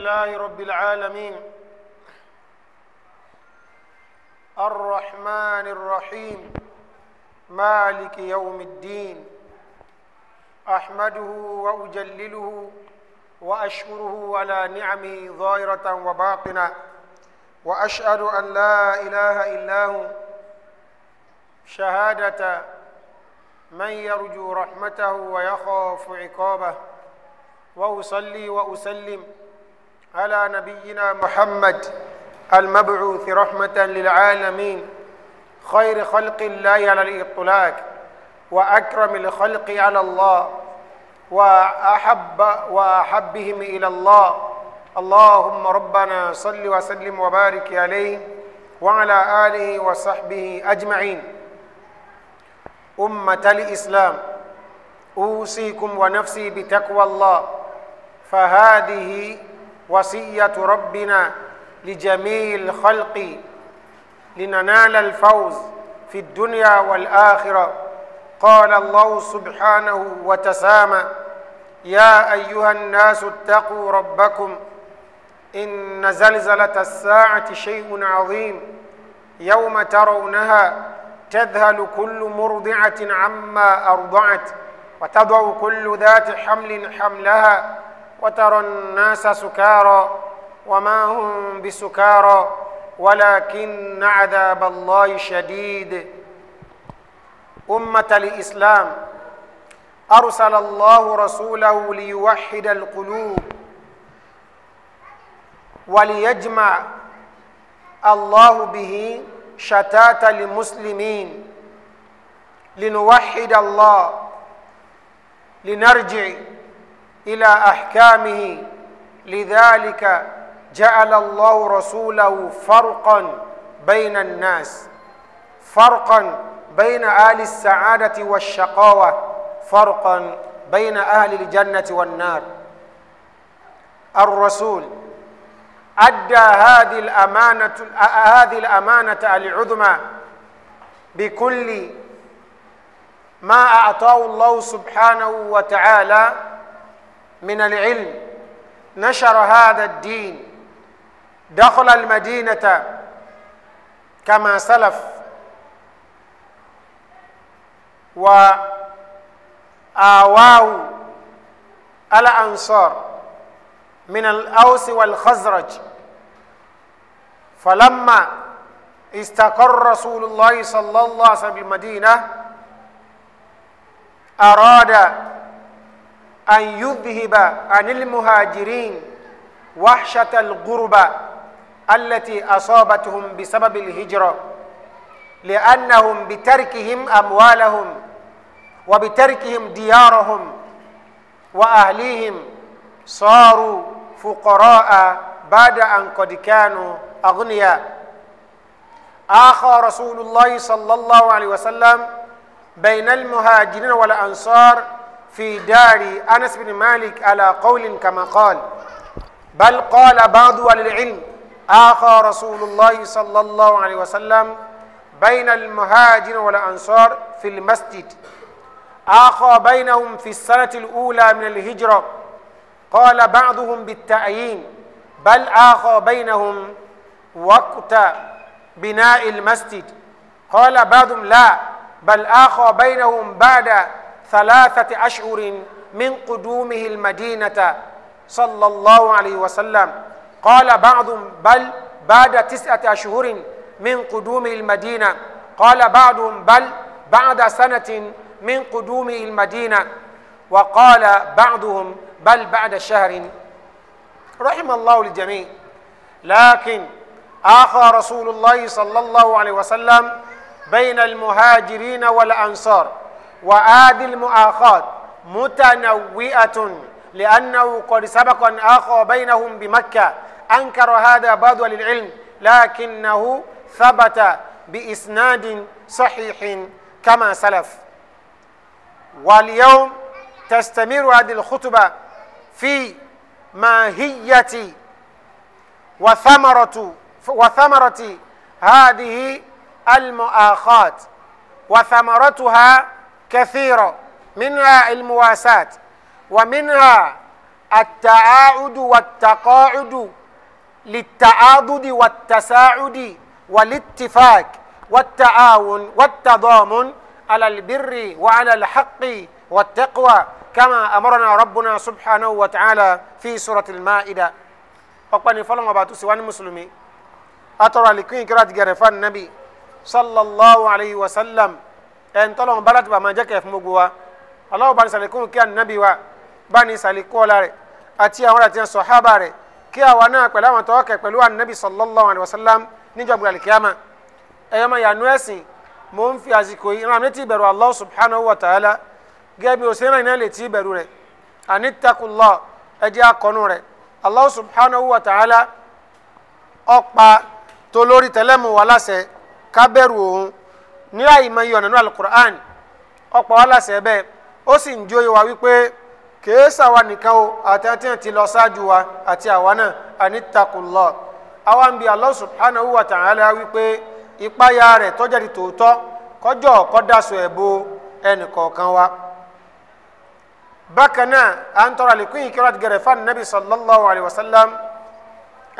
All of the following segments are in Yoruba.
لله رب العالمين الرحمن الرحيم مالك يوم الدين احمده واجلله واشكره على نعمه ظاهره وباطنه واشهد ان لا اله الا هو شهاده من يرجو رحمته ويخاف عقابه واصلي واسلم على نبينا محمد المبعوث رحمة للعالمين خير خلق الله على الإطلاق وأكرم الخلق على الله وأحب وأحبهم إلى الله اللهم ربنا صل وسلم وبارك عليه وعلى آله وصحبه أجمعين أمة الإسلام أوصيكم ونفسي بتقوى الله فهذه وصية ربنا لجميع الخلق لننال الفوز في الدنيا والآخرة قال الله سبحانه وتسامى يا أيها الناس اتقوا ربكم إن زلزلة الساعة شيء عظيم يوم ترونها تذهل كل مرضعة عما أرضعت وتضع كل ذات حمل حملها وترى الناس سكارى وما هم بسكارى ولكن عذاب الله شديد أمة الإسلام أرسل الله رسوله ليوحد القلوب وليجمع الله به شتات المسلمين لنوحد الله لنرجع الى احكامه لذلك جعل الله رسوله فرقا بين الناس فرقا بين اهل السعاده والشقاوه فرقا بين اهل الجنه والنار الرسول ادى هذه الامانه هذه الامانه العظمى بكل ما اعطاه الله سبحانه وتعالى من العلم نشر هذا الدين دخل المدينة كما سلف وآواه الأنصار من الأوس والخزرج فلما استقر رسول الله صلى الله عليه وسلم بالمدينة أراد أن يذهب عن المهاجرين وحشة الغربة التي أصابتهم بسبب الهجرة لأنهم بتركهم أموالهم وبتركهم ديارهم وأهليهم صاروا فقراء بعد أن قد كانوا أغنياء آخى رسول الله صلى الله عليه وسلم بين المهاجرين والأنصار في دار أنس بن مالك على قول كما قال بل قال بعض العلم آخى رسول الله صلى الله عليه وسلم بين المهاجر والأنصار في المسجد آخى بينهم في السنة الأولى من الهجرة قال بعضهم بالتأيين بل آخى بينهم وقت بناء المسجد قال بعضهم لا بل آخى بينهم بعد ثلاثة أشهر من قدومه المدينة صلى الله عليه وسلم قال بعض بل بعد تسعة أشهر من قدوم المدينة قال بعض بل بعد سنة من قدوم المدينة وقال بعضهم بل بعد شهر رحم الله الجميع لكن آخى رسول الله صلى الله عليه وسلم بين المهاجرين والأنصار وآد المؤاخاة متنوئة لأنه قد سبق أن آخر بينهم بمكة أنكر هذا بعض للعلم لكنه ثبت بإسناد صحيح كما سلف واليوم تستمر هذه الخطبة في ماهية وثمرة وثمرة هذه المؤاخاة وثمرتها كثيرة منها المواساة ومنها التعاعد والتقاعد للتعاضد والتساعد والاتفاق والتعاون والتضامن على البر وعلى الحق والتقوى كما أمرنا ربنا سبحانه وتعالى في سورة المائدة وقال فلما بعد سوان المسلمين اترى ní كرات النبي صلى الله عليه وسلم ẹ̀ńtọ́lọ́n bárakì bàmá jẹ́ kẹ́ fún gbogbo wa aláwọ̀ bá ní sàlékún kí ànábì wa bá ní sàlékún ọ̀la rẹ̀ àti àwọn àti sọ̀hábà rẹ̀ kí àwa náà pẹ̀lú àwọn tọ́wọ́ kẹ̀ pẹ̀lú ànábì sallallahu alaihi wasallam níjọba alikiyama ẹ̀yọ́ máa yànú ẹ̀sìn mò ń fi àsìkò yìí ràn létí ìbẹ̀rù Allah subhanahu wa ta'ala gẹ́gẹ́ bí òsèré náà létí ìbẹ̀rù rẹ̀ àní takullah ẹ̀jẹ̀ akọ̀nù rẹ̀ Allah subhanahu wa ta'ala ọ̀pá tó lórí tẹ̀lẹ́mù wà láṣẹ ká bẹ̀rù ní àyìnbó yìí ọ̀nà ní alukur'an ọ̀pọ̀ aláṣẹ bẹ́ẹ̀ ó sì ń jóye wa wípé kèésà wa nìkan o àti àti àti lọ ṣáájú wa àti àwa náà àní takulọ àwa ń bi Allah subhanahu wa ta'ala wípé ìpáyà rẹ̀ tọ́jà di tòótọ́ kọjọ́ kọ́dàsọ ẹ̀bọ ẹnì kọ̀ọ̀kan wa. bákan náà à ń tọrọ àlékún ìkírọ̀ àti gẹ̀rẹ̀ fún anabi sallallahu alayhi wa sallam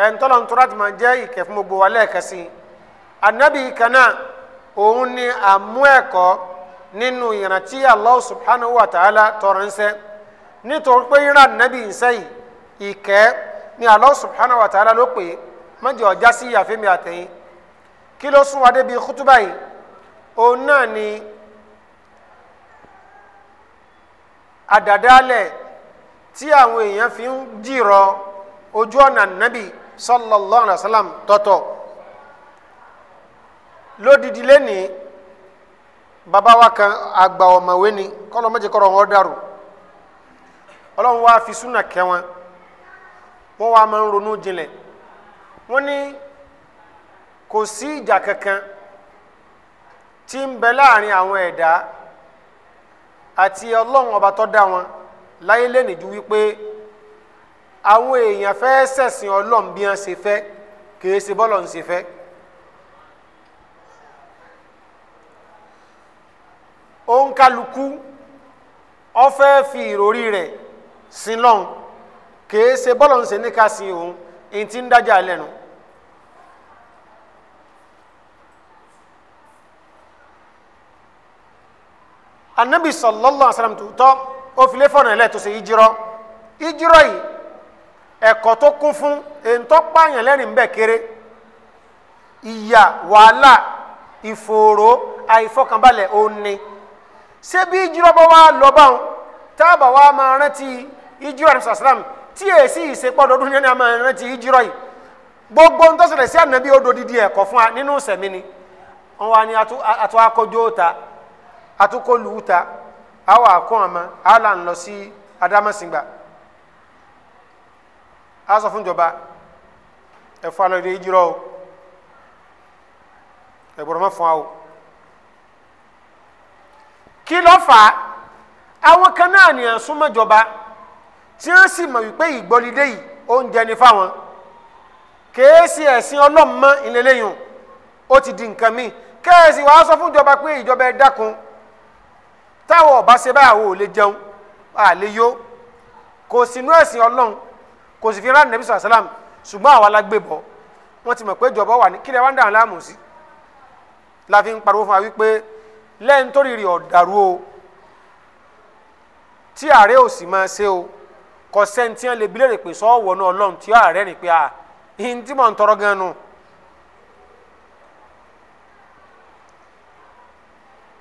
ẹ̀ ń tọ́lọ̀ ń tọ́lọ̀ àti máa jẹ́ ìkẹ́ fún gbogbo wa lẹ́ẹ̀kẹ́ sí kan náà òun ni àmú ẹ̀kọ́ nínú ìrántí Allah subhanahu wa ta'ala tọrọ ń sẹ́ nítorí pé ìran nàbì ń sẹ́yìn ìkẹ́ ni Allah subhanahu wa ta'ala ló pè é mọ́jọ ọjà sí ìyàfẹ́mi àtẹ̀yìn kí ló sún wa débi kútúbà yìí òun náà ni àdàdálẹ̀ tí àwọn èèyàn fi ń jìrọ̀ ojú ọ̀nà nàbì sallallahu alaihi wasallam tọ̀tọ̀ lódìdí lẹ́nìí bàbá wa kan àgbà ọ̀mọ̀wé ni kọ́lọ́ méje kọ́rọ̀ wọn dàrú ọlọ́run wá fi súnà kẹ́ wọn wọ́n wá máa ń ronú jinlẹ̀ wọ́n ní kò sí ìjà kankan tí ń bẹ láàrin àwọn ẹ̀dá àti ọlọ́run ọba tó dá wọn láyé lẹ́nìí ju wípé àwọn èèyàn fẹ́ ṣẹ̀sìn ọlọ́run bí wọ́n ṣe fẹ́ kì í ṣe bọ́lọ̀ ṣe fẹ́. òǹkàlùkù ọfẹ́ fi ìròrí rẹ̀ sin lọ́hùn kèé ṣe bọ́lọ̀ ń ṣe níka sin òun èyí tí ń dájà lẹ́nu. anabi sallallahu alaihi tuutọ ó fi fọnà ẹlẹ tó ṣe ìjírọ ìjírọ yìí ẹ̀kọ́ tó kún fún èntọ pààyàn kéré ìyà wàhálà ìfòòró ni ṣé bí wa lọ bá wọn táàbà wa máa rántí ìjírọ̀ ní si tí èsì ìsepọ̀ ọdún yẹn a rántí gbogbo ń tọ́sílẹ̀ anabi ànábì odò dídí ẹ̀kọ́ fún wa ni wọn wá ní atú ta atukọlu ta awọ akọ ọmọ ala nlɔ lọ sí adamasingba fún o kí ló fà á àwọn kan náà ní àsúnmọ́jọba tí wọ́n sì mọ̀ wípé ìgbọ́lidé yìí oúnjẹ ni fáwọn kèésì ẹ̀sìn ọlọ́mọ ìlẹ́lẹ́yìn ó ti di nǹkan míì kẹ́ẹ̀sì wàá sọ fún ìjọba pé ìjọba ẹ dákun táwọn ọba ṣe báyà wò lè jẹun à lè yó kò sínú ẹ̀sìn ọlọ́run kò sì fi rán nàbí sàlám ṣùgbọ́n àwa la gbé bọ̀ wọ́n ti mọ̀ pé ìjọba wà ní kílẹ̀ wá ń dàn láàmú sí la fi ń pariwo fún wa wípé lẹ́yìn tó rírì ọ̀dàrú o tí ààrẹ ò sì máa ṣe o kò sẹ́ńtì ẹ̀ lè bi pé ọlọ́run tí ààrẹ ni pé a ìhìn tí mò ń tọrọ gan nu.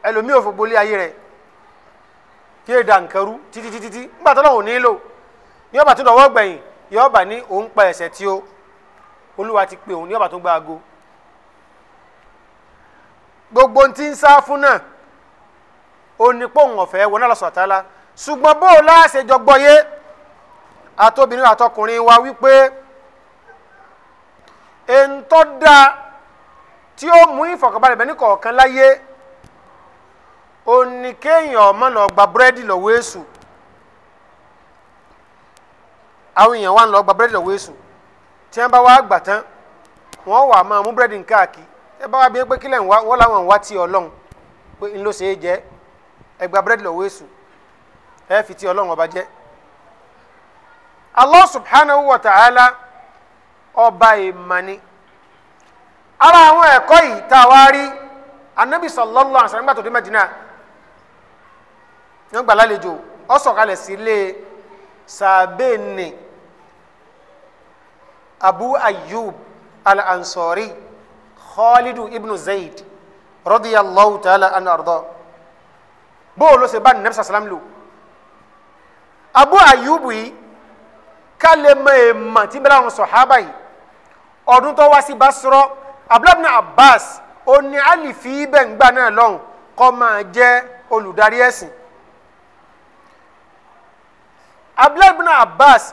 ẹlòmíì ò ayé rẹ kí èdè títí títí tí nígbà tó lọ́wọ́ nílò yọ̀ọ̀bà tó dọ̀wọ́ gbẹ̀yìn ní òun pa tí ó olúwa ti pè òun tó gba ago gbogbo ti ń sá fún náà onípòhùn ọ̀fẹ́ wọn náà lọ́sọ̀ àtàlà ṣùgbọ́n bó o láṣẹjọ gbọ́yé àtobìnrin àtọkùnrin wa wípé èntọ́ da tí ó mú ìfọ̀kànbalẹ̀ bẹ́ẹ̀ ní kọ̀ọ̀kan láyé oníkéèyàn ọmọ lọ gba búrẹ́dì lọ́wọ́ èṣù àwọn èèyàn wa ń lọ gba búrẹ́dì lọ́wọ́ èṣù tí wọ́n bá wá gbà tán wọ́n wà máa mú búrẹ́dì ń káàkiri ẹ bá wa bí pé kílẹ̀ ń wá wọ́n làwọn ń wá tí ọlọ́run pé ń ló ṣeé jẹ ẹ gba búrẹ́dì lọ́wọ́ èṣù ẹ fi tí ọlọ́run ọba jẹ. Allah subhanahu wa ta'ala ọba ìmọ̀ni ara àwọn ẹ̀kọ́ yìí tá a wá rí anabi sallallahu alaihi wasallam tó dé Madina wọ́n gbà lálejò ó sọ̀kalẹ̀ sílé sàbẹ́ẹ̀nì Abu Ayyub al-Ansari khalidu ibnu zayd radiyallahu ta'ala anhu arda bóòlù ṣe bá nàbẹ́sà sàlám lò abu ayubu yìí ká lè mọ èèmọ̀ tí bẹ́ẹ̀ làwọn sọ̀hábà yìí ọdún tó wá sí basrọ abdulhamid abbas ó ní ali fi ibẹ̀ ń gbà náà lọ́hùn kó máa jẹ́ olùdarí ẹ̀sìn abdulhamid abbas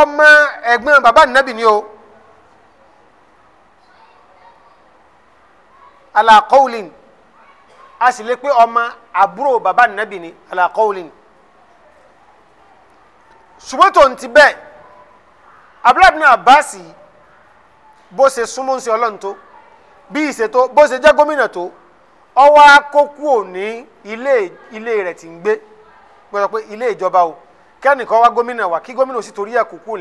ọmọ ẹ̀gbọ́n bàbá nàbì ni o. ala qawlin a sì lè pé ọmọ àbúrò bàbá nàbì ni ala ṣùgbọ́n tó ń ti bẹ́ẹ̀ abdullahi bá abbas bó ṣe súnmọ́ sí ọlọ́run tó bí ìṣètò bó ṣe jẹ́ gómìnà tó ọwọ́ akókú ní ilé ilé rẹ̀ ti ń gbé gbọ́dọ̀ pé ilé ìjọba o kẹ́nìkan wá gómìnà wá kí gómìnà sì torí ẹ̀ kúkú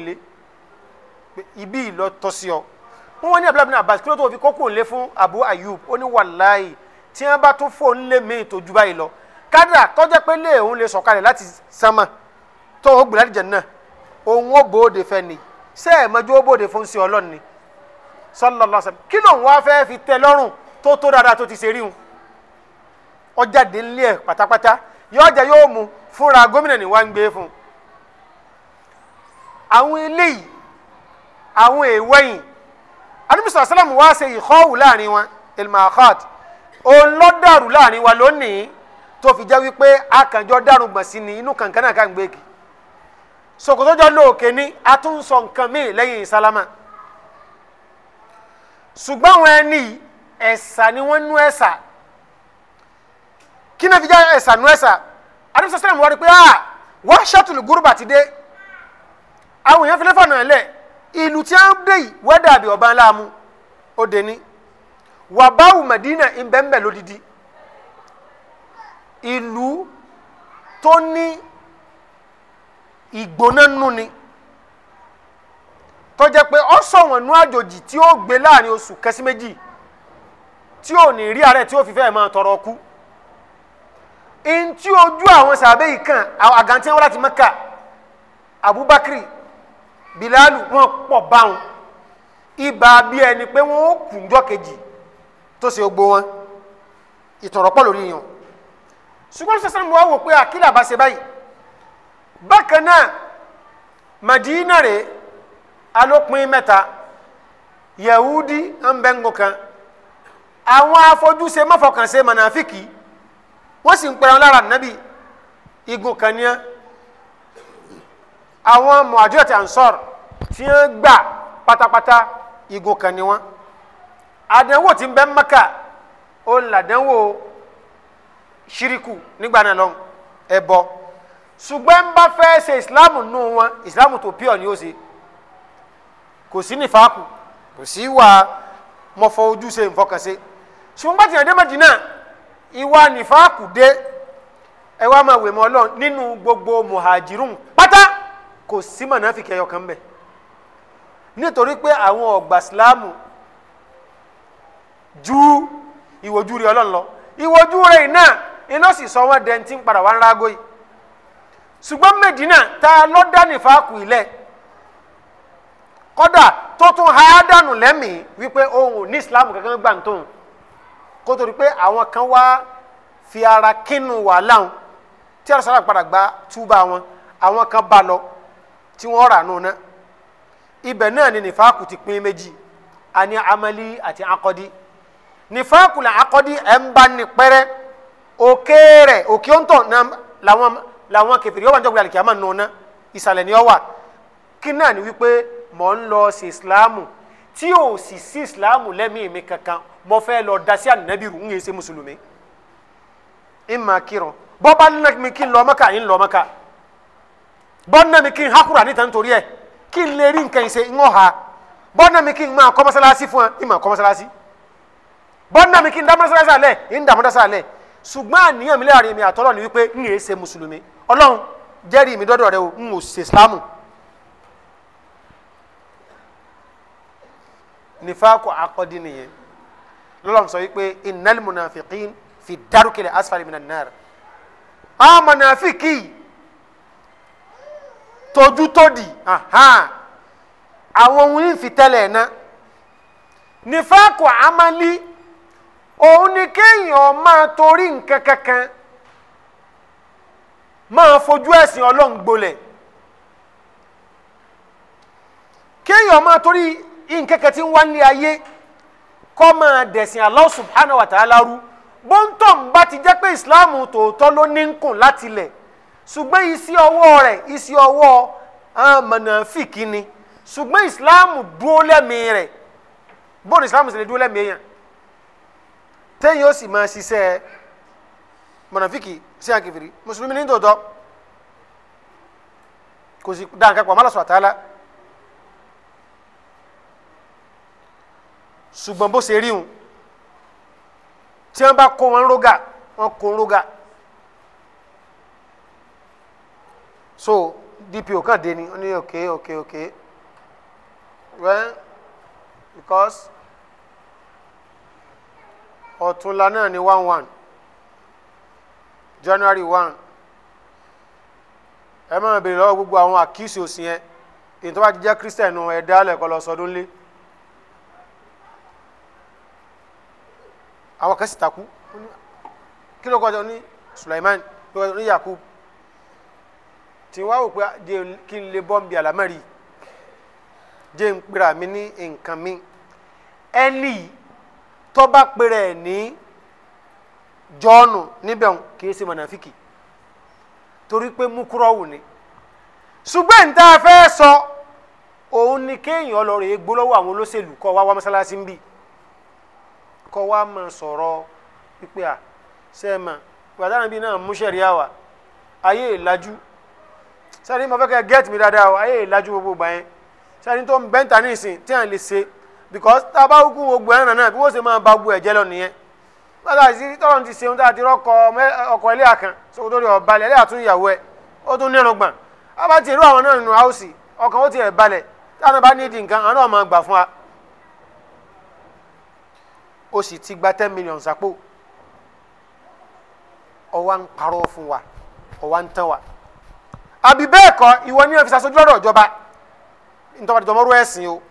ibi ìlọ ọ. wọ́n wọ́n ní abúlé abúlé abasi kí ló tó fi kókó ńlé fún abu ayub ó ní wàláyé tí wọ́n bá tún fóun lé mi tó ju báyìí lọ kádà tọ́jẹ́ pé lé òun lè sọ̀kalẹ̀ láti sánmà tó ń gbìlá dìjẹ́ náà òun ó bòóde fẹ́ ni ṣé ẹ̀ mọ́jú ó bòóde fún sí ọlọ́run ni sallallahu sallam kí lóun wá fẹ́ fi tẹ́ lọ́rùn tó tó dáadáa tó ti ṣe ríhun ọjà dé nílé ẹ̀ pátápátá yóò jẹ yóò mu fúnra gómìnà ni wá ń gbé fún àwọn eléyìí àwọn èèwọ̀ yìí anamisa asalam wa ṣe ìkọ́wù láàrin wọn ilmahat òun lọ dàrú láàrin wa lónìí tó fi jẹ́ wípé akànjọ dàrú gbọ̀n sí ni inú kankan náà kà ń gbé kì sokotọjọ lóòkè ni a tún sọ nǹkan míì lẹ́yìn ìsálámà ṣùgbọ́n àwọn ẹni ẹ̀sà ni wọ́n nú ẹ̀sà kí fi jẹ́ ẹ̀sà nú ẹ̀sà anamisa asalam wa rí i pé ah wọ́n ti de àwọn èèyàn fi lẹ́fọ̀nà ẹ̀ lẹ́ẹ̀ ìlú tí a ń dé yìí wọ́n dàbí ọba ńlá mu ó dé ní wàbáwù Madina ìbẹ́ńbẹ́ lódìdí ìlú tó ní ìgbóná nù ni tó jẹ́ pé ó sọ̀wọ́n nú àjòjì tí ó gbé láàrin oṣù kẹsí méjì tí ò ní rí àárẹ̀ tí ó fi fẹ́ máa tọrọ kú ntí ojú àwọn sàbẹ̀ kan àgàntí wọn láti Mẹ́kà Abubakar bilalu wọn pọ̀ báwọn ibà bí ẹni pé wọn ó kù ńjọ́ kejì tó ṣe gbogbo wọn ìtọ̀rọ̀ pọ̀ lórí yẹn ṣùgbọ́n sọ́sán mo wá wò pé àkìlà bá ṣe báyìí bákan náà Madina rè alópin mẹ́ta Yahudi ń bẹ́ ńgò kan àwọn afọjúṣe mọ́fọkànṣe mọ̀nàfíkì wọ́n sì ń pẹ̀rọ lára nàbì igun kan níyàn àwọn muhajirat ansor tí wọ́n gbà pátápátá igun kan ni wọ́n àdánwò tí ń bẹ Mẹ́kà ó ń làdánwò ṣíríkù nígbà náà lọ́hùn ẹbọ ṣùgbọ́n ń bá fẹ́ ṣe ìsìláàmù nù wọn ìsìláàmù tó pure ni ó ṣe kò sí nífàákù kò sí wà mọ̀fọ́ ojúṣe ìfọkànṣe ṣùgbọ́n bá ti hàn dé Mẹ́dínà ìwà nífàákù dé ẹ wá máa wèmọ́ ọlọ́run nínú gbogbo muhajirun pátá kò sí mọ̀nàfíkì ẹyọ kan bẹ̀ nítorí pé àwọn ọ̀gbà sílámù ju ìwòjú rẹ̀ ọlọ́run lọ ìwòjú rẹ̀ iná iná sì sọ wọ́n dẹ́ntì ń padà wá ń rágó yìí ṣùgbọ́n Mẹ́dínà tá a lọ́ dání fàákù ilẹ̀ kọ́dà tó tún ha dànù lẹ́mìí wípé òun ò ní ìsìlámù kankan gbà ń tóun kó torí pé àwọn kan wá fi ara kínú wàhálà wọn tí àrùsọ̀rọ̀ padà gba túbà wọn àwọn kan bá lọ tí wọ́n rà nù ná ibẹ̀ náà ni nìfàkù ti pín méjì àní amali àti akọ́dí nìfàkù là akọ́dí ẹ̀ ń bá ní pẹ́rẹ́ òkè rẹ̀ òkè òǹtọ̀ làwọn làwọn kẹfìrí yóò wà ní ọgbẹ́ àlìkí àmà nù ná ìsàlẹ̀ ni ọ wà kí náà ni wípé mò ń lọ sí ìsìláàmù tí ò sì sí ìsìláàmù lẹ́mìí mi kankan mo fẹ́ lọ da sí ànábìrù ń yẹ ṣe mùsùlùmí ìmà kírun bọ́ bá nínú kí n lọ Mákà ń lọ Mákà bọ́nà mi kí n hákùrà níta nítorí ẹ̀ kí n lè rí nǹkan ìṣe ń ọ̀ha bọ́nà mi kí n máa kọ́ mọ́sálásí fún ẹ ń máa kọ́ mọ́sálásí bọ́nà mi kí n dá mọ́sálásí alẹ́ ń dá mọ́sálásí alẹ́ ṣùgbọ́n àníyàn mi láàrin mi àtọ́lọ́ ni wípé n yéé ṣe mùsùlùmí ọlọ́run jẹ́rìí mi dọ́dọ̀ rẹ o n ò ṣe islámù. nifaku akọ́dí nìyẹn lọ́lọ́run sọ wípé innal fi dárúkẹ̀lẹ̀ asfali tójútódì àwọn ohun ìfitẹ́lẹ̀ náà nífàkù amali òun ni kéèyàn máa torí nǹkan kankan máa fojú ẹ̀sìn ọlọ́run gbolẹ̀ kéèyàn máa torí nǹkan kan tí ń wá ní ayé kọ́ máa dẹ̀sìn Allah subhanahu wa ta'ala rú bóńtọ̀ ń bá ti jẹ́ pé ìsìláàmù ṣùgbọ́n isi ọwọ́ rẹ̀ isi ọwọ́ ah, mọ̀nàfíìkì ni ṣùgbọ́n ìsìláàmù dúró lẹ́mìí rẹ̀ bóun ìsìláàmù sì lè dúró lẹ́mìí yẹn téèyàn ó sì máa ṣiṣẹ́ mọ̀nàfíìkì sí àkèfèrè mùsùlùmí ní tòótọ́ kò sì dá nǹkan pọ̀ má lọ́sọ̀ àtàlá ṣùgbọ́n bó ṣe rí wọn tí wọ́n bá kó wọn rógà wọ́n kó wọn so dpo kan dé ni ó ní okay okay okay well because ọ̀túnla náà ni one one january one ẹ máa bèrè lọ́wọ́ gbogbo àwọn àkíyèsí òsì yẹn èyí tó bá ti jẹ́ christian nù ẹ̀dá lẹ́kọ̀ọ́ lọ sọdún lé àwọn kan sì takú kí ló kọjọ ní suleiman kí ló kọjọ ní yakub tí wàá wò pé jẹ́ kí n lè bọ́ ń bi àlámẹ́rì jẹ́ n pera mi ní nǹkan mi ẹni tọ́ba pera ẹ̀ ní jọ́ọ̀nù níbẹ̀ kìí ṣe mọ̀nàfíkì torí pé múkúrọ̀wù ni ṣùgbọ́n n tá a fẹ́ sọ òun ni kéèyàn lọ rèé gbólọ́wọ́ àwọn olóṣèlú kọ́ wá wá mọ́sálásí ń bì kọ́ wá máa sọ̀rọ̀ pípé à sẹ́ẹ̀mà ìgbà táwọn ibi náà mú sẹ̀ríà ayé ìlàjú sẹ́ni mo fẹ́ kẹ́ get mi dáadáa o ayé ìlàjú gbogbo gbà yẹn sẹ́ni tó ń bẹ́ńtà ní ìsìn tí à ń lè ṣe because tá a bá kú gbogbo ẹ̀ràn náà bí wọ́n ṣe máa ba gbogbo ẹ̀jẹ̀ lọ nìyẹn bàtà sí tọ́lọ̀ ti ṣeun tá a ti rọ́kọ ọkọ̀ ilé àkàn sókòtò rẹ̀ ọ̀balẹ̀ ilé àtún ìyàwó ẹ̀ ó tún nírun gbọ̀n a bá ti rú àwọn náà nínú áùsì ọkàn ó ti ẹ̀ balẹ̀ táwọn bá ní ìdí nǹkan àwọn náà máa gbà fún wa ó sì ti gba ten million sápò ọwọ́ ń parọ́ fún wa ọwọ́ ń tán wa àbí bẹ́ẹ̀ kọ́ ìwọ ni ọ̀fíìsì aṣojú ọ̀rọ̀ ìjọba nítorí ìjọmọ́rú ẹ̀sìn o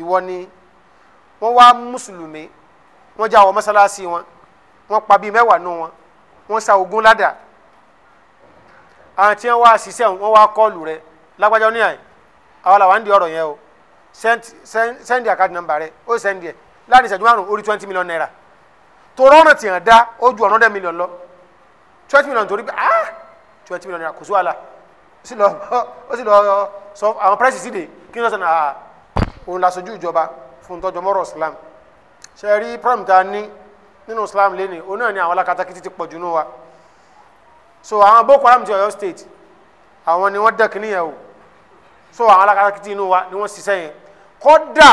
ìwọ ni wọ́n wá mùsùlùmí wọ́n já àwọn mọ́sálásí wọn wọ́n pa bíi mẹ́wàá nù wọn wọ́n sa ogun ládà àwọn tí wọ́n wá ṣiṣẹ́ wọ́n wá kọ́ọ̀lù rẹ lágbájá oníyà àwọn làwọn ń ọ̀rọ̀ yẹn o sẹ́ndì àkáàdì nọ́mbà rẹ ó sẹ́ndì ẹ̀ láàrin ìṣẹ́jú márùn orí twenty million naira tó rọ́ọ̀nà tìyàn dá ó ju ọ̀nà million lọ twenty million torí pé ah twenty million naira kò sí wàhálà ó sì lọ ó sì lọ sọ àwọn price sí de kí ni wọ́n sọ náà ah, òun la sojú ìjọba fún tọ́jú mọ́rọ̀ islam ṣe rí prime ta ní nínú islam lẹ́nu òun náà ni àwọn alákatakí ti pọ̀ jù nù wa so àwọn boko haram ti Ọ̀yọ́ state àwọn ni wọ́n dẹ̀ kí o so àwọn alákatakí ti inú wa ni wọ́n ṣiṣẹ́ yẹn kódà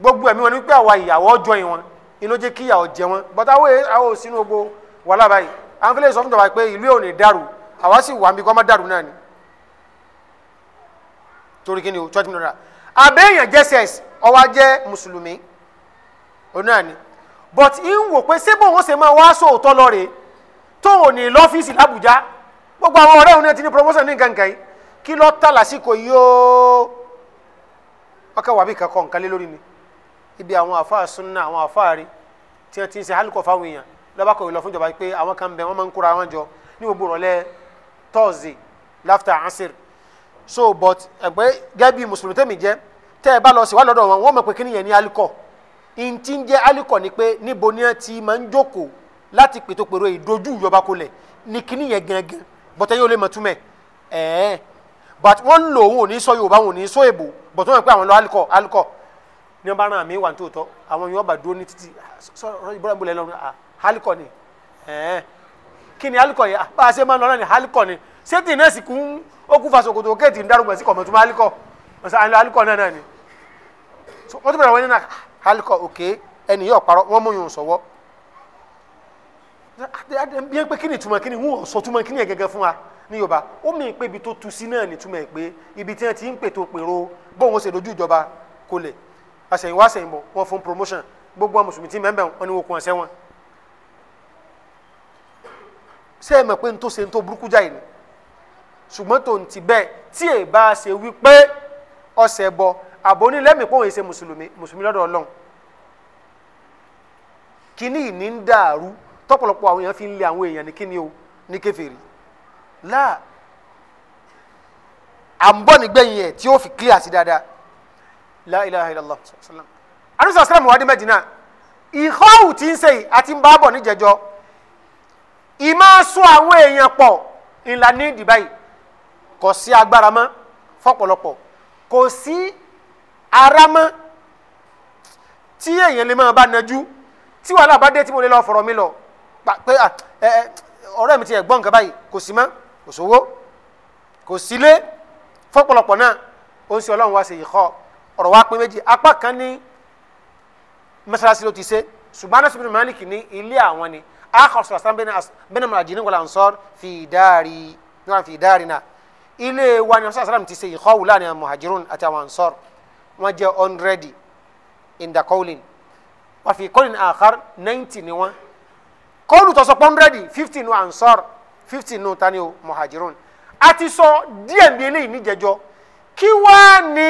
gbogbo ẹ̀mí wọn ni pé àwa ìyàwó ọjọ́ yìí wọn inú jẹ́ kí ìyàwó jẹ wọn bọ́tà àwọn òsínú gbogbo wàhálà báyìí àwọn kílẹ̀ sọ fún ìjọba pé ìlú ẹ̀ ò ní dàrú awasi sì wà níbi kọ́ o church mìíràn abẹ́yàn jẹ́sẹ̀s ọwá jẹ́ mùsùlùmí òun náà but n wo pe ṣé bóun ṣe máa wá sóòótọ́ lọ rèé tó wo ní lọ́fíìsì labuja gbogbo àwọn ọ̀rẹ́ òun ti promotion ní k'i kan yìí kí lọ́ọ́ tà lásìkò yóò ọkọ̀ wàbí kankan nǹkan lórí ibi àwọn àfáà súnà àwọn àfáà rí ari ti ń ṣe hálùkọ̀ fáwọn èèyàn fún ìjọba pé àwọn kan máa ń jọ ní gbogbo thursday láftà ansir so but ẹgbẹ́ gẹ́bí mùsùlùmí tẹ̀mí jẹ́ tẹ́ ẹ bá lọ sí wà lọ́dọ̀ wọn wọ́n mọ̀ pé kíni yẹn ní alikọ̀ ntí ń jẹ́ alikọ̀ ni pé níbo ni wọ́n ti máa ń jókòó láti pètò pèrò ìdojú ìjọba kolẹ̀ ní kíni yẹn gangan bọ́tẹ́ yóò lè mọ̀ túmẹ̀ ẹ̀ẹ́ but wọ́n ń lò wọn ò ní sọ Yorùbá wọn ò ní sọ èbò but wọ́n mọ̀ pé àwọn lọ alikọ̀ alikọ̀ ní wọ́n bá rán àmì wà ní tòótọ́ àwọn yóò bá dúró ní títì sọ ìbúra ìbúlẹ̀ lọ́rùn ni ẹ̀ẹ́ kí ni alikọ yẹ ah, bá a ṣe máa ń lọ náà ni alikọ ni sétí náà sì kún ó kún fasokoto kéètì ń darúgbọ̀n sí kọ̀mọ̀tún bá alikọ ọ̀sán àlọ́ alikọ náà náà ni wọ́n ti bẹ̀rẹ̀ wọ́n ní náà ah, alikọ òkè ẹnì yóò parọ́ wọ́n mú yòó sọ̀wọ́ bí pé kí ni ìtumọ̀ kí ni wọ́n sọ túmọ̀ kí ni ẹ̀ gẹ́gẹ́ fún wa ní Yorùbá ó mì pé ibi tó tu sí náà nìtumọ̀ ẹ̀ pé ibi tí wọ́n ti ń pètò pèrò bóun ó ṣe dojú ìjọba kólẹ̀ àṣẹ̀yìnwá àṣẹ̀yìnbọ̀ wọ́n fún promotion gbogbo àwọn mùsùlùmí tí mẹ́mbẹ̀ wọn ni wọ́n kún ọ̀sẹ́ wọn ṣé ẹ mọ̀ pé ntó ṣe ntó burúkú jáì ni ṣùgbọ́n tó ń ti bẹ́ẹ̀ tí ẹ bá ṣe wí pé ọ̀sẹ̀ bọ àbò onílẹ́mìí pọ̀ wọ́n ṣe mùsùlùmí mùsùlùmí lọ́dọ̀ ọlọ́run kíní ìní ń dàrú tọ́pọ̀lọpọ̀ àwọn èèyàn fi ń lé àwọn èèyàn ní kíní o ní kèfèrí láà à ń bọ̀ nígbẹ̀yìn ẹ̀ tí ó fi clear sí dáadáa la ilaha illallah sallam anusasalamu wa adi mẹ́jìnnà ìhọ́wù tí ń sẹ́yìn àti ń bá bọ̀ níjẹ̀jọ́ ìmọ̀ sún àwọn èèyàn pọ̀ ìlànà ìdìbà yìí kò sí agbára mọ́ fọ́pọ̀lọpọ̀ kò sí ara mọ́ tí èèyàn lè máa bá nájú tí wàhálà bá dé tí mo lè lọ fọ̀rọ̀ mi lọ pé ọ̀rẹ́ mi ti ẹ̀ gbọ́ nǹkan báyìí kò sí mọ́ kò sówó kò sílé fọ́pọ̀lọpọ̀ náà ó ń sọ ọlọ́run wá sí ìkọ́ ọ̀rọ̀ wa pé méjì apá kan ní mọ́sálásí ló ti ṣe ṣùgbọ́n anásùnmí Málíkì ní ilé àwọn ni akhar sọ̀rọ̀sán bẹ́ẹ̀ náà àjìnnì wọlé ansọ́r fi dáàrí náà fi dáàrí náà ilé wa ni ọ̀sán àsálàm ti ṣe ìkọ́wù láàrin àwọn muhajirun àti àwọn ansọ́r wọ́n jẹ́ ọ̀nrẹ́dì inda kọ́wlin wọ́n fi kọ́lin akhar náìntì ni wọ́n kọ́ọ̀lù tó sọ pé ọ̀nrẹ́dì fifteen nu ansọ́r fifteen nu tani o muhajirun àti sọ díẹ̀ bí eléyìí níjẹjọ kí wá ni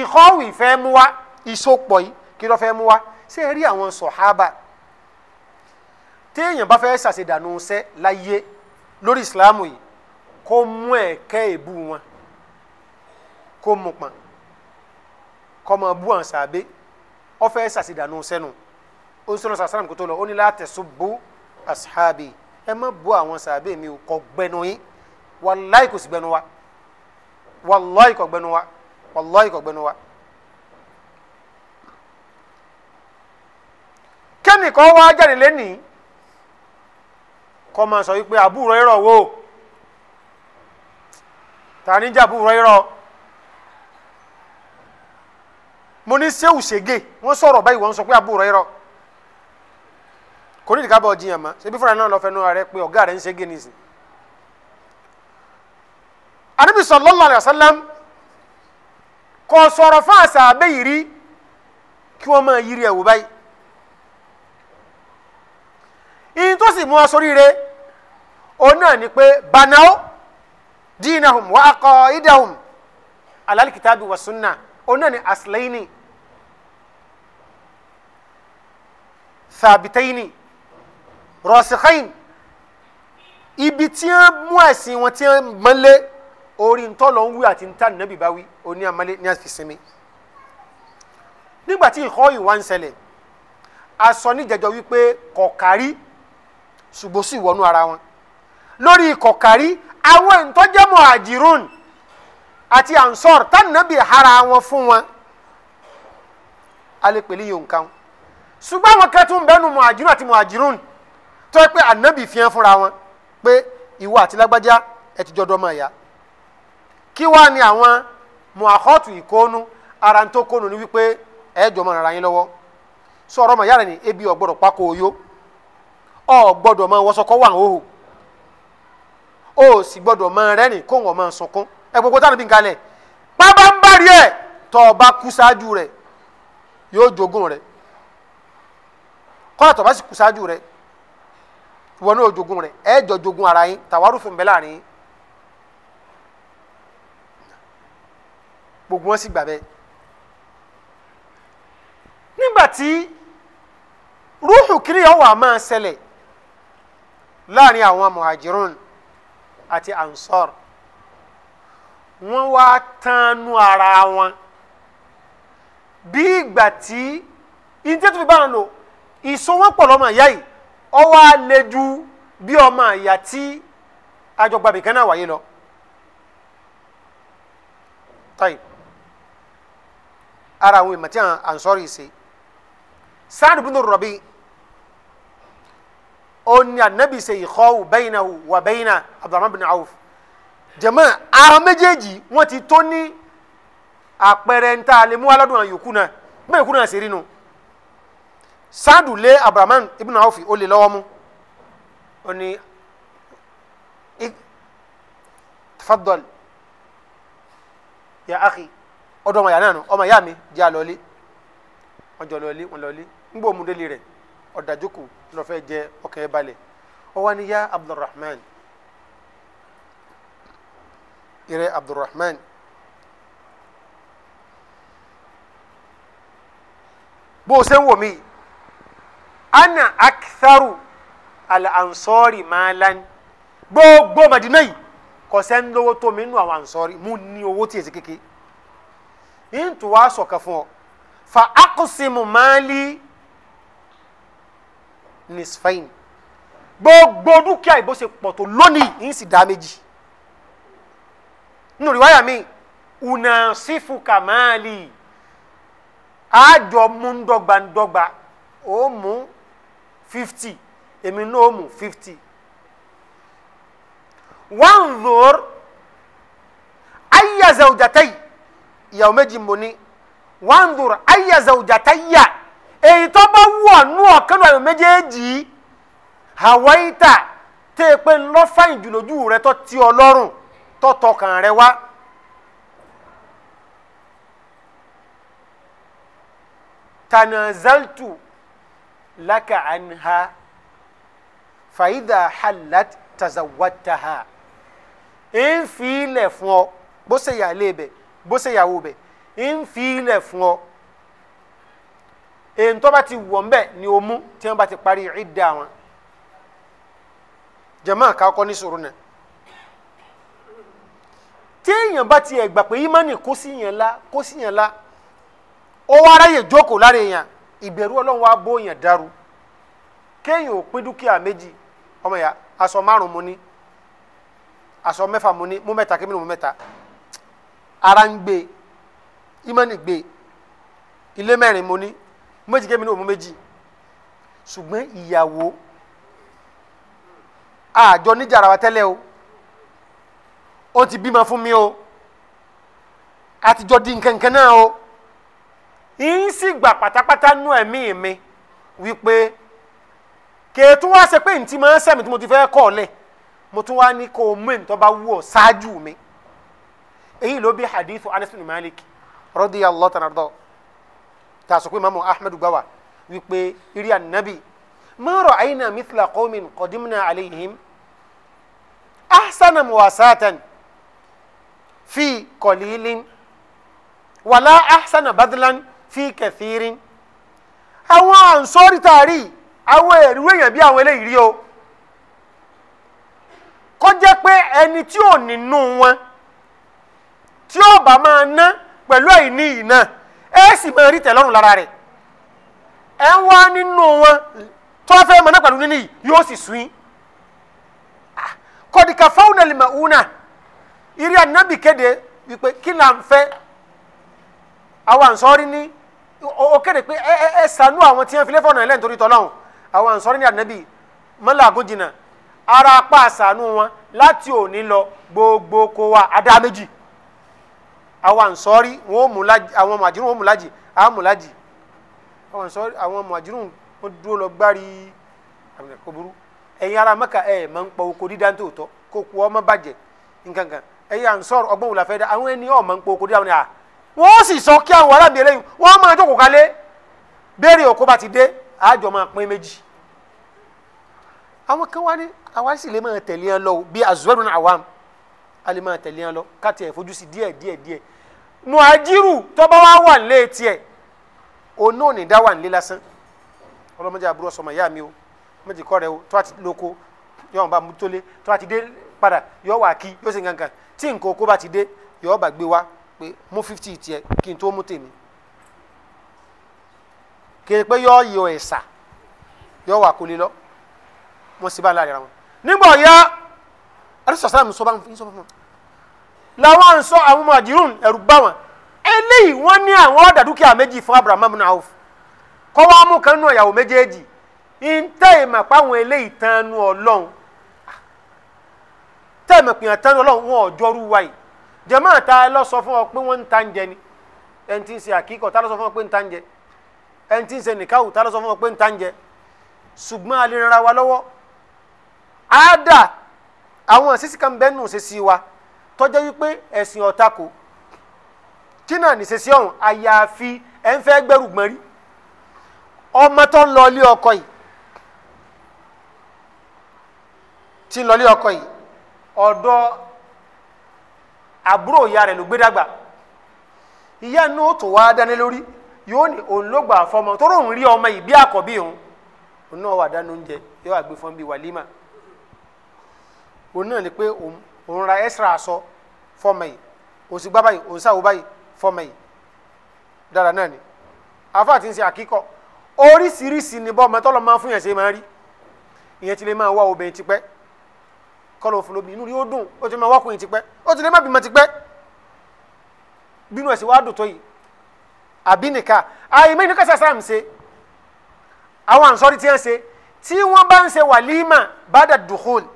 ìkọ́wù ìfẹ́ mú wa ìsopọ̀ yìí kí ló fẹ́ mú wa ṣé ẹ rí àwọn sọ̀hábà téèyàn bá fẹ́ ṣàṣedànù sẹ́ láyé lórí ìsìláàmù yìí kó mú ẹ̀kẹ́ èbú wọn kó mú pọ̀n kó máa bú àwọn sàbẹ ó fẹ́ ṣàṣedànù sẹ́nu ó ń sọ̀rọ̀ sàṣàràn kó tó lọ ó ní láti ṣubú àṣàbì ẹ má bú àwọn sàbẹ mi kò gbẹnu yín wàláì kò sì gbẹnu wa wàláì kò gbẹnu wa wàláì kò gbẹnu wa. kẹ́nìkan wá jáde lẹ́nìí kọ́ máa sọ wípé àbúrò irọ́ wo ta ní jà àbúrò irọ́ mo ní sẹ́wù ṣègè wọ́n sọ̀rọ̀ báyìí wọ́n sọ pé àbúrò irọ́ kò ní ìdíkàbọ̀ jiyàn mọ́ ṣebí fúnra náà lọ́ọ́ fẹnu rẹ pé ọ̀gá rẹ̀ ń ṣègè nìsín. Ànábì sallallahu alaihi wasallam kò sọ̀rọ̀ fún àṣà àbẹ́yìí rí kí wọ́n máa yiri ẹ̀wò báyìí ìyìn tó sì mú ọ sóríire òun náà ni pé banao dinahum wa aqaidahum alalikitabi wa sunna òun náà ni aslaini thabitaini rọsikhain ibi tí wọn mú ẹsìn wọn tí wọn mọlé orí ntọ́lọ̀ ń wí àti ntá nàbì bá wí oní amalé ní àfìsinmi nígbà tí ìkọ́ yìí ń ṣẹlẹ̀ a sọ níjẹjọ wípé kọ̀kárí ṣùgbọ́n sì wọnú ara wọn lórí ìkọ̀kárí àwọn ìtọ́jẹ́mọ̀ àjírún àti ansor tánàbì hara wọn fún wọn alẹ́ pẹ̀lú yòó nǹkan ṣùgbọ́n àwọn kan tún bẹ́nu mọ̀ àjírún àti mọ̀ àjírún tó yẹ pé ànábì fi hàn fúnra wọn pé ìwọ àti lágbájá ẹ ti jọdọ̀ máa yá kí wàá ní àwọn mọ̀ àkọ́tù ìkónú ara ń tó kónú ni wípé ẹ jọ mọ̀ ara yín lọ́wọ́ sọ̀rọ̀ mọ̀ yára ni ebi ọ̀gbọ́dọ̀ pákó oyó ọ gbọ́dọ̀ máa wọṣọ kọ wà ń hóhò ó sì gbọ́dọ̀ máa rẹ́rìn kó wọn máa sunkún ẹ gbogbo táwọn bí n kalẹ̀ pápá ń bá rí ẹ tọ ọba kú ṣáájú rẹ yóò jogún rẹ kọ́lá tọ́ba sì kú ṣáájú rẹ ìwọ náà jogún rẹ ẹ jọ jogún ara yín tàwárùfin bẹ láàrin gbogbo wọn sì gbà bẹ́ẹ̀ nígbà tí rúùhù kiri ọwọ́ a máa ṣẹlẹ̀ láàrin àwọn muhajirun àti ansor wọ́n wá tánú ara wọn bí ìgbà tí ìtẹ́tù fi bá wọn lò ìsowọ́pọ̀ lọ́mọ ìyá yìí ọwọ́ alẹ́ ju bí ọmọ ìyá tí àjọgbàbí kan náà wáyé lọ. ara àwọn ìmọ̀ tí ansori ṣe sáà dùbúndùn rọ̀bì oni anabi ṣe ikhawu bainahu wa baina abdulrahman bin awf jama àwọn méjèèjì wọn ti tó ní àpẹẹrẹ nta alemu aladun ayokun na bẹ́ẹ̀ kúrò náà ṣe rí nu saadu lé abdulrahman ibn awf ó lè lọ́wọ́ mú oni tafaddal ya akhi ọdọ ọmọ ya náà nu ya mi jẹ́ àlọ́lé wọ́n jọ lọ́lé wọ́n lọ́lé ń gbọ́ ọ̀dàjókòó lọ́fẹ́ jẹ ọkẹ́ balẹ̀ ó wá ní yá abdulrahman ìrẹ abdulrahman bó o ṣe ń wò mí ana aktharu al-ansori malan gbogbo madina yìí kò sẹ́ni lówó tó mi nù àwọn ansori mú ní owó tí èsì kéke ń tù wá sọ̀kà ọ fa aqsimu mali nisfain gbogbo dúkìá ìbò ṣe pọ̀ tó lónìí yìí sì dá méjì nínú ìwáyà mi unansifu kamali àjọ mú dọ́gbandọ́gba ó mú fifty èmi náà ó mú fifty One lòr ayé zawjatayi ìyàwó méjì mo ní One lòr ayé zawjatayi yà èyí tó bá wù ọ̀nú ọ̀kánú àyò méjèèjì hawaita tẹ́ ẹ pé ńlọ́fà ìjùlójú rẹ tó ti ọlọ́run tó tọkàn rẹ wá. tanazaltu laka anha fàyídà halat tazawataha ń fi ilẹ̀ fún ọ bó ṣe yà lé bẹ̀ bó ṣe yàwó bẹ̀ ń fi ilẹ̀ fún ọ èyí tó bá ti wọ̀ ń bẹ̀ ni o mú tí wọ́n bá ti parí ìdá wọn jama kakọ ní sòrò náà téèyàn bá ti ẹ̀gbà pé ìmánì kó sí yẹn la kó sí yẹn la ó wá aráyè jókòó lára èèyàn ìbẹ̀rù ọlọ́run wá bóyàn dàrú kéèyàn ò pín dúkìá méjì ọmọ ya aṣọ márùn-ún mo ní aṣọ mẹ́fà mo ní mú mẹ́ta kí mi mú mẹ́ta ara ń gbé ìmánì gbé ilé mẹ́rin mo ní méjì kémi ní òmu méjì ṣùgbọ́n ìyàwó àjọ níjà ara wa tẹ́lẹ̀ o ó ti bímọ fún mi o àtijọ́ di nkankan náà o yìí sì gbà pátápátá nú ẹ̀mí mi wípé kèétú wá ṣe pé ntí máa ń sẹ̀mí tí mo ti fẹ́ kọ́ ọ mo tún wá ní kó mú ìtọ́ bá wù ọ ṣáájú mi èyí ló bí hadith Anas Malik radiyallahu ta'ala anhu tá a sọ pé mamu ahmed gbawa wípé iri anabi ma ra'ayna mithla qawmin qadimna alayhim ahsana muwasatan fi qalilin wala ahsana badlan fi kathirin àwọn ànsọ́rí tààrí àwọn èrú èèyàn bí àwọn eléyìí rí o kó jẹ́ pé ẹni tí ò nínú wọn tí ó bá máa ná pẹ̀lú àìní yìí náà. ẹ máa rí tẹ̀lọ́rùn lára rẹ̀ ẹ ń wá nínú wọn tó fẹ́ mọ̀ náà nínú yìí yóò sì sùn yín kọ̀dìkà fáwọnà lè mà wúnà ìrì ànábì kéde wípé kí là ń fẹ́ àwọn ànsọ́rí ní ó kéde pé ẹ sànú àwọn tí wọn fi lé ara apá sanu wọn láti òní lọ gbogbo kó wa adá méjì. àwọn ànsọ́rí wọn ò mú lájì àwọn màjúrù wọn ò mú lájì àwọn mú lájì àwọn ànsọ́rí àwọn màjúrù wọn dúró lọ gbárí kò ẹ̀yin ará mẹ́ka ẹ̀ máa ń pọ̀ oko dídá tọ́ kó kú ọmọ bàjẹ́ nkankan ẹ̀yin ànsọ́rí ọgbọ́n wò la dá àwọn ẹni ọ̀ máa ń pọ̀ oko dídá wọn wọ́n sì sọ kí àwọn arábìnrin lẹ́yìn wọ́n máa jókòó kalẹ̀ béèrè òkú bá a muhajiru tọba wa wà nílé tiẹ̀ òun náà ní dá wà nílé lásán ọlọmọdé àbúrò sọmọ ìyá mi o méjì kọ rẹ o tó a ti lóko yóò bá mú tólé tó a ti dé padà yóò wà kí yóò sì ń tí nǹkan oko bá ti dé yóò bá gbé wá pé mú fifty tiẹ̀ kí n tó mú tèmi kéde pé yóò yọ ẹ̀sà yóò wà kólé lọ wọn sì bá ń lára wọn nígbà ọ̀yá àdúsọ̀ sálámù sọ bá ń sọ fún wọn làwọn ànsọ àwọn màjìrún ẹ̀rù bá wọn eléyìí wọ́n ní àwọn ọ̀dà dúkìá méjì fún abrahamu bin auf kọ́wọ́ amú kan nù ọ̀yàwó méjèèjì ntẹ́ ìmọ̀ páwọn eléyìí tán nu ọlọ́run tẹ́ ìmọ̀ pìyàn tán nu ọlọ́run wọn ọ̀jọ́rú wáyé jẹ́mọ́ ta lọ sọ fún ọ pé wọ́n ń ta ń jẹ ni ẹni tí ń ṣe àkíkọ̀ ta lọ sọ fún ọ pé ń ta ń jẹ ẹni tí ń ṣe nìkáwù ta lọ sọ fún ọ pé ń ta jẹ ṣùgbọ́n a lè ran ara wa lọ́wọ́ àádà àwọn àṣìṣe kan bẹ́ẹ̀ nù ṣe sí wa tọ́jẹ́ wípé ẹ̀sìn ọ̀tá kò kí náà nìṣesí ọ̀hún àyàfi ẹ̀ ń fẹ́ gbẹ́rù gbọ́n rí ọmọ tó ń lọ ilé ọkọ yìí tí ń lọ ilé ọkọ yìí ọ̀dọ́ àbúrò ìyá rẹ̀ ló gbé dàgbà ìyá inú tó wá dání lórí yóò ní òun ló gbà fọmọ tó ròhùn rí ọmọ yìí bí àkọ́bí òun òun náà wà dánú oúnjẹ yóò àgbé fún wàlímà òun náà ni pé òun òun ra ẹsẹ̀rẹ̀ aṣọ fọmọ yìí òsì gbá báyìí òsì àwọ̀ báyìí fọmọ yìí dára náà ni afa ti ń ṣe àkíkọ oríṣiríṣi ni bọ́ mọ́tọ́ lọ máa fún yẹn ṣe máa rí ìyẹn ti lè máa wá obìnrin tipẹ́ kọ́lọ̀ òfin lóbi inú rí ó dùn ó ti máa wákùnrin tipẹ́ ó ti lè má bímọ tipẹ́ bínú ẹ̀ sì wá dùn tó yìí àbí nìka àyè mẹ́rin níkà sàṣàm ṣe àwọn àǹsọ́rí tí wọ́n ṣe tí wọ́n bá ń ṣe wàlímà bá dà dùkúlù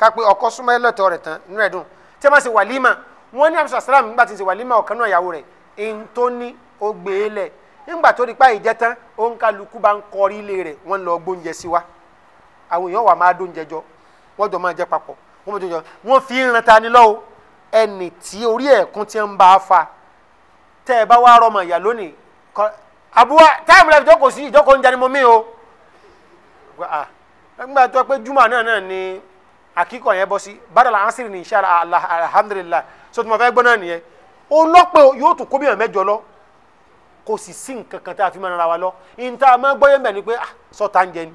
kápẹ́ ọkọ súnmọ́ ẹlẹ́tọ̀ rẹ̀ tán nínú ẹ̀dùn tí a máa ṣe wàlímà wọ́n ní àbúṣà sàlám nígbà tí ń ṣe wàlímà ọ̀kan náà ìyàwó rẹ̀ èyí tó ní ó gbé e lẹ̀ nígbà tó di pa ìjẹ tán ó ń kálukú bá ń kọrí ilé rẹ̀ wọ́n lọ gbóúnjẹ sí wa àwọn èèyàn wà máa dóúnjẹ jọ wọ́n jọ máa jẹ papọ̀ wọ́n máa jọ wọ́n fi ń ran ta ni lọ́wọ́ nígbà tó pé júmọ̀ náà náà ni àkíkọ̀ yẹn bọ́ sí bàdà là ánsìrì ní insha Allah alhamdulillah so tí mo nìyẹn ọlọ́pẹ́ yóò tún kó bí lọ kò sì sí nǹkan kan tá a fi máa wa lọ ìta máa gbọ́ yẹn bẹ̀ ni pé ah sọ́ta ń jẹ ni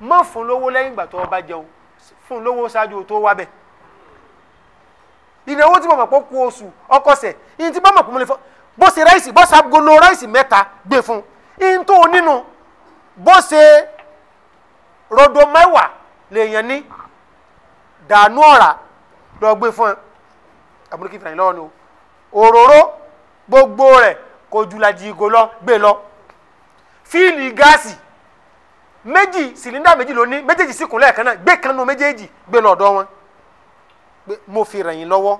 má fún lówó lẹ́yìn ìgbà tó o bá jẹun fún lówó ṣáájú tó wá bẹ̀ ìnáwó tí mo mọ̀ pé kú oṣù ọkọ̀ṣẹ̀ ìyẹn tí bá mọ̀ pé mo lè fọ́ bó ṣe ráìsì bó ṣàgolo ráìsì mẹ́ta gbé fún ìyẹn tó nínú bó ṣe rodo mẹ́wàá lèèyàn ní dànù ọ̀rá lọ gbé fún ẹ àbúrúkí fìlànà lọ́wọ́ ni o òróró gbogbo rẹ̀ kò ju làjì ìgò lọ gbé lọ fíìlì gáàsì méjì sìlíndà méjì ló ní méjèèjì sì kún lẹ́ẹ̀kan náà gbé kanú méjèèjì gbé lọ ọ̀dọ̀ wọn mo fi ràn yín lọ́wọ́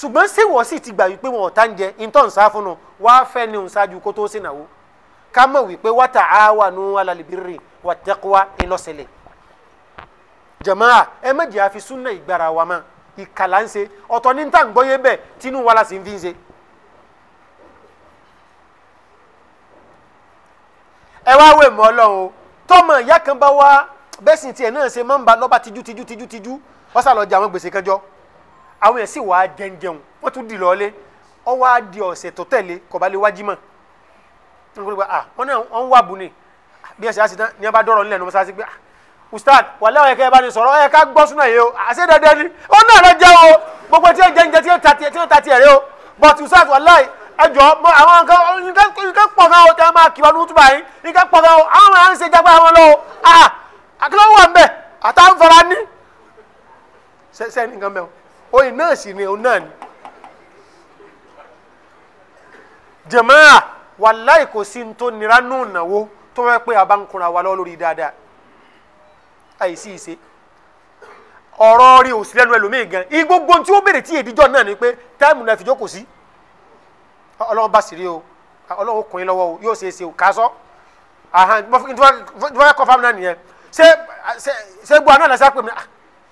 ṣùgbọ́n ṣé wọ́n sì ti gbà wípé wọn ò tá ń jẹ ìtọ́ ń sá fún un wá fẹ́ ni òun ṣáájú kó tó ṣènáwó ká mọ̀ wípé wọ́n ta àwa nu alàlìbírì wà tẹ́kọ́wá ńlọ́sẹ̀lẹ̀ jamaa ẹ má jẹ́ àfi súnà ìgbàrà wa ma ìkàlà ń ṣe ọ̀tọ̀ ní ta gbọ́ yé bẹ́ẹ̀ tínú wa la sì ń fi ṣe. ẹ wá wẹ̀ mọ́ ọlọ́run o ìyá kan bá wá bẹ́ẹ̀ sì tiẹ̀ náà ṣe máa ń ba lọ́ba tijú tijú tijú tijú wọ́n sá lọ jẹ àwọn gbèsè kẹjọ àwọn yẹn sì wá jẹunjẹun wọ́n tún dì lọ́ọ́lé ọ wá di ọ̀sẹ̀ tó tẹ̀lé kọ̀bálẹ̀ wájú mọ̀ wọ́n náà ah, wà bù ní bí ẹ̀sẹ̀ á sì tán ní ẹ bá dọ̀rọ̀ nílẹ̀ ní wọ́n sá sí pé ah ustad wàlẹ́ ọ̀yẹ́kẹ́ bá ní sọ̀rọ̀ ọ̀yẹ́ká gbọ́ súnà yìí o àṣẹ dandan ni ó náà lọ jẹ́ o gbogbo tí ó jẹ́ njẹ́ tí ó ta tiẹ̀ tí ó ta tiẹ̀ rẹ o but ustad wàlẹ́ ẹjọ́ àwọn nǹkan nǹkan pọ̀ gan o tí a máa kí wọn ní túbà yín nǹkan pọ̀ gan o àwọn máa ń ṣe jágbá wọn lọ́wọ́ ah akílọ̀ wà ń bẹ̀ àtàwọn fara ní. sẹ́ni nǹkan bẹ́ẹ̀ o oyin náà sì ni òun náà ni. jẹ̀mọ́ra wàlẹ́ kò sí ní tó nira nù náwó tó fẹ́ pé a bá ń kunra wa lọ́wọ́ lórí dáadáa àìsí ìṣe ọ̀rọ̀ rí òsì lẹ́nu ẹlòmíì gan igbogbo tí ó béèrè tí èdíjọ́ náà ni pé táìmù náà fìjọ́ kò sí ọlọ́run bá sì rí o ọlọ́run kùn in lọ́wọ́ o yóò ṣe é ṣe o kà á sọ ahan ìdúrà kọ́ fáwọn náà nìyẹn ṣé ṣé gbọ́ àná lẹ́sà pé mi ah,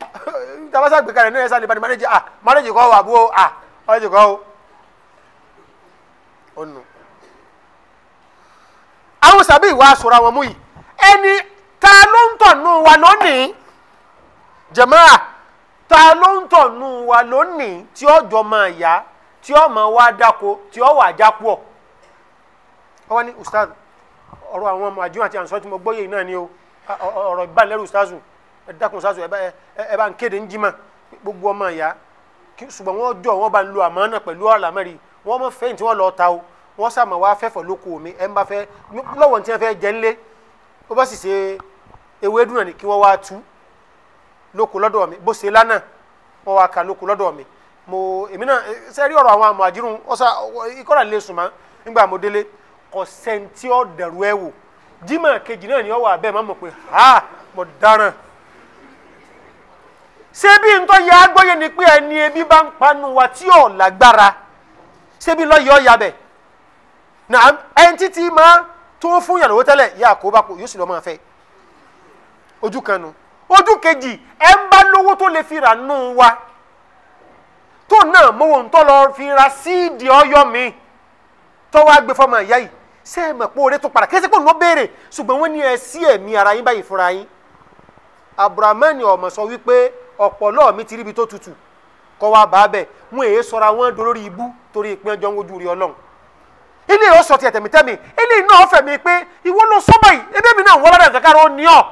tabasa gbé kalẹ̀ náà yẹn sáré bani manager ah manager kọ́ wà bú o ah manager kọ́ o ọ̀nù. àwọn sàbí ìwà aṣọra wọn mú yìí ẹni ta ló ń tọ̀nù wa lónìí jàmáà ta ló ń tọ̀nù wa lónìí tí ọjọ́ máa yá tí ọ máa wá dáko tí ọ wà jápọ̀ ọ̀ wọ́n wá ní ustaz ọ̀rọ̀ àwọn ọmọ àdúrà àti àǹsọ́ tí mo gbóyè náà ni o ọ̀rọ̀ ìbánilẹ́rù ustazu ẹ dákun ustazu ẹ bá ń kéde ń jimá gbogbo ọmọ ìyá ṣùgbọ́n wọ́n jọ wọ́n bá ń lo àmánà pẹ̀lú àlámẹ́rì wọ́n mọ fẹ́yìntì wọ́n lọ ta o wọ́n sàmà wá fẹ́fọ̀ lóko mi ẹ̀ ń bá fẹ́ lọ́wọ́ ní tí wọ́n fẹ́ jẹ́ ńlé ó bá sì ṣe ewédú na ni kí wọ́n wá tú lóko lọ́dọ̀ mi bó se lánàá wọ́n wá ka lóko lọ́dọ̀ mi mo èmi náà sẹ́rí ọrọ àwọn àmọ̀jírun ọ̀sà ikọ́ra lè sùn ma nígbà mo délé kò sẹ́ńtì ọ̀dẹ̀rú ẹ̀ wò jimá kejì náà ni ọwọ́ mọ̀ pé ha mo dáràn ntọ́ yẹ ni pé ẹni bá ń panu wa tí lágbára lọ́ọ́ ọ́ yabẹ̀ ẹni títí máa tó fún yàrá owó tẹ́lẹ̀ yà kó bá kó yóò sì máa ojú kan nu ojú kejì ẹ ń bá lówó tó lè fi rà nù wa tó náà mowó ń tọ́ lọ fi ra síìdì ọyọ́ mi tọ́wọ́ àgbẹ̀ fọmọ ìyá yìí ṣé ẹ mọ̀ pé oore tó padà kẹsẹ́ pé òun ló béèrè ṣùgbọ́n wọ́n ní ẹ sí ẹ̀mí ara yín báyìí fúnra yín abrahamani ọmọ sọ wípé ọ̀pọ̀lọ́ mi ti ríbi tó tutù kọ́ wa bàá bẹ̀ wọn èé sọra wọn dolórí ibú torí ìpín ọjọ́ ń wojú rí ọlọ́run ilé ìrọsọ ti ẹ̀tẹ̀mítẹ́mi ilé ìnáwó fẹ̀mí pé ìwọ ló sọ́bà yìí ebí mi náà wọ́n lọ́dà ìjàkárò ní ọ́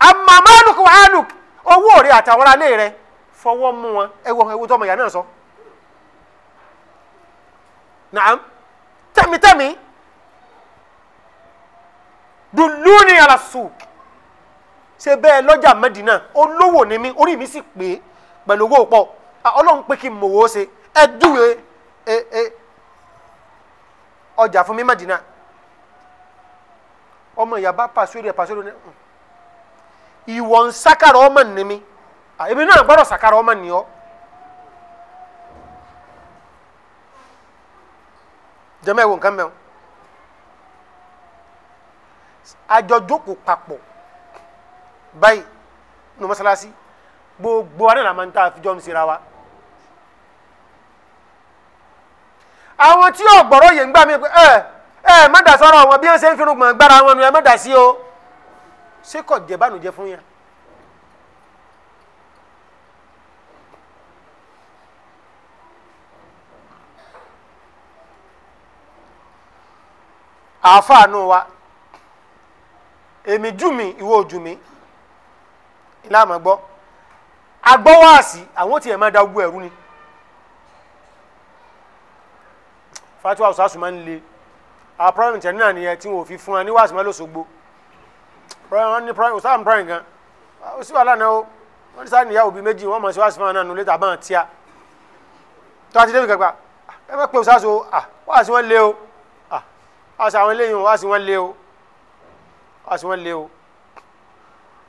amma maluk wa owó rẹ àtàwọn alẹ́ rẹ fọwọ́ mú wọn ẹwọ ẹwọ na ìyá náà sọ naam tẹmitẹmi dùlúni alasu ṣe bẹ́ẹ̀ lọ́jà mẹ́dínà olówó ni mí orí mi sì pé pẹ̀lú owó pọ̀ ọlọ́run pé kí n mọ̀wó ṣe ẹ dúwe ọjà fún mi mẹ́dínà ọmọ ìyá bá pàṣẹ rẹ ìwọ ń sákàrà ọmọ nìmi èmi náà gbọ́dọ̀ sákàrà ọmọ nìyọ. jẹ́mọ̀ ẹ̀wò nǹkan mẹ́wọ́ àjọjókòó papọ̀ báyìí ní mọ́sálásí gbogbo wa náà máa ń tà àfijọ́ ń sera wa. àwọn tí yóò gbọ́rọ̀ yẹn gbà mí pé ẹ ẹ má dà sọ́rọ̀ wọn bí wọ́n ṣe ń fi irun gbọ̀n gbára wọn nu ẹ má o ṣé kò jẹ́ bánújẹ́ fún yàn. àáfàánú wa èmi jù mí ìwọ ojú mi ìlànà gbọ́ agbọ́wáàsì àwọn tí ẹ̀ máa da ogun ẹ̀rú ni fatiwa ọ̀sásùn máa ń le àwọn pírọ́mìtì ẹ̀ náà nìyẹn tí wọn ò fi fún wa ní wàásù máa wọn ní prime ọsàn prime gan ah, ó sì wà o wọn ní sáà níyàwó bíi méjì wọn mọ̀ sí wá sí fún àná nulẹ̀ tàbá àti à tó àti débi kẹgbà ẹ má pé ọsàn so à ah, wá sí wọn lé o à wá sí àwọn eléyìí wá sí wọn lé o o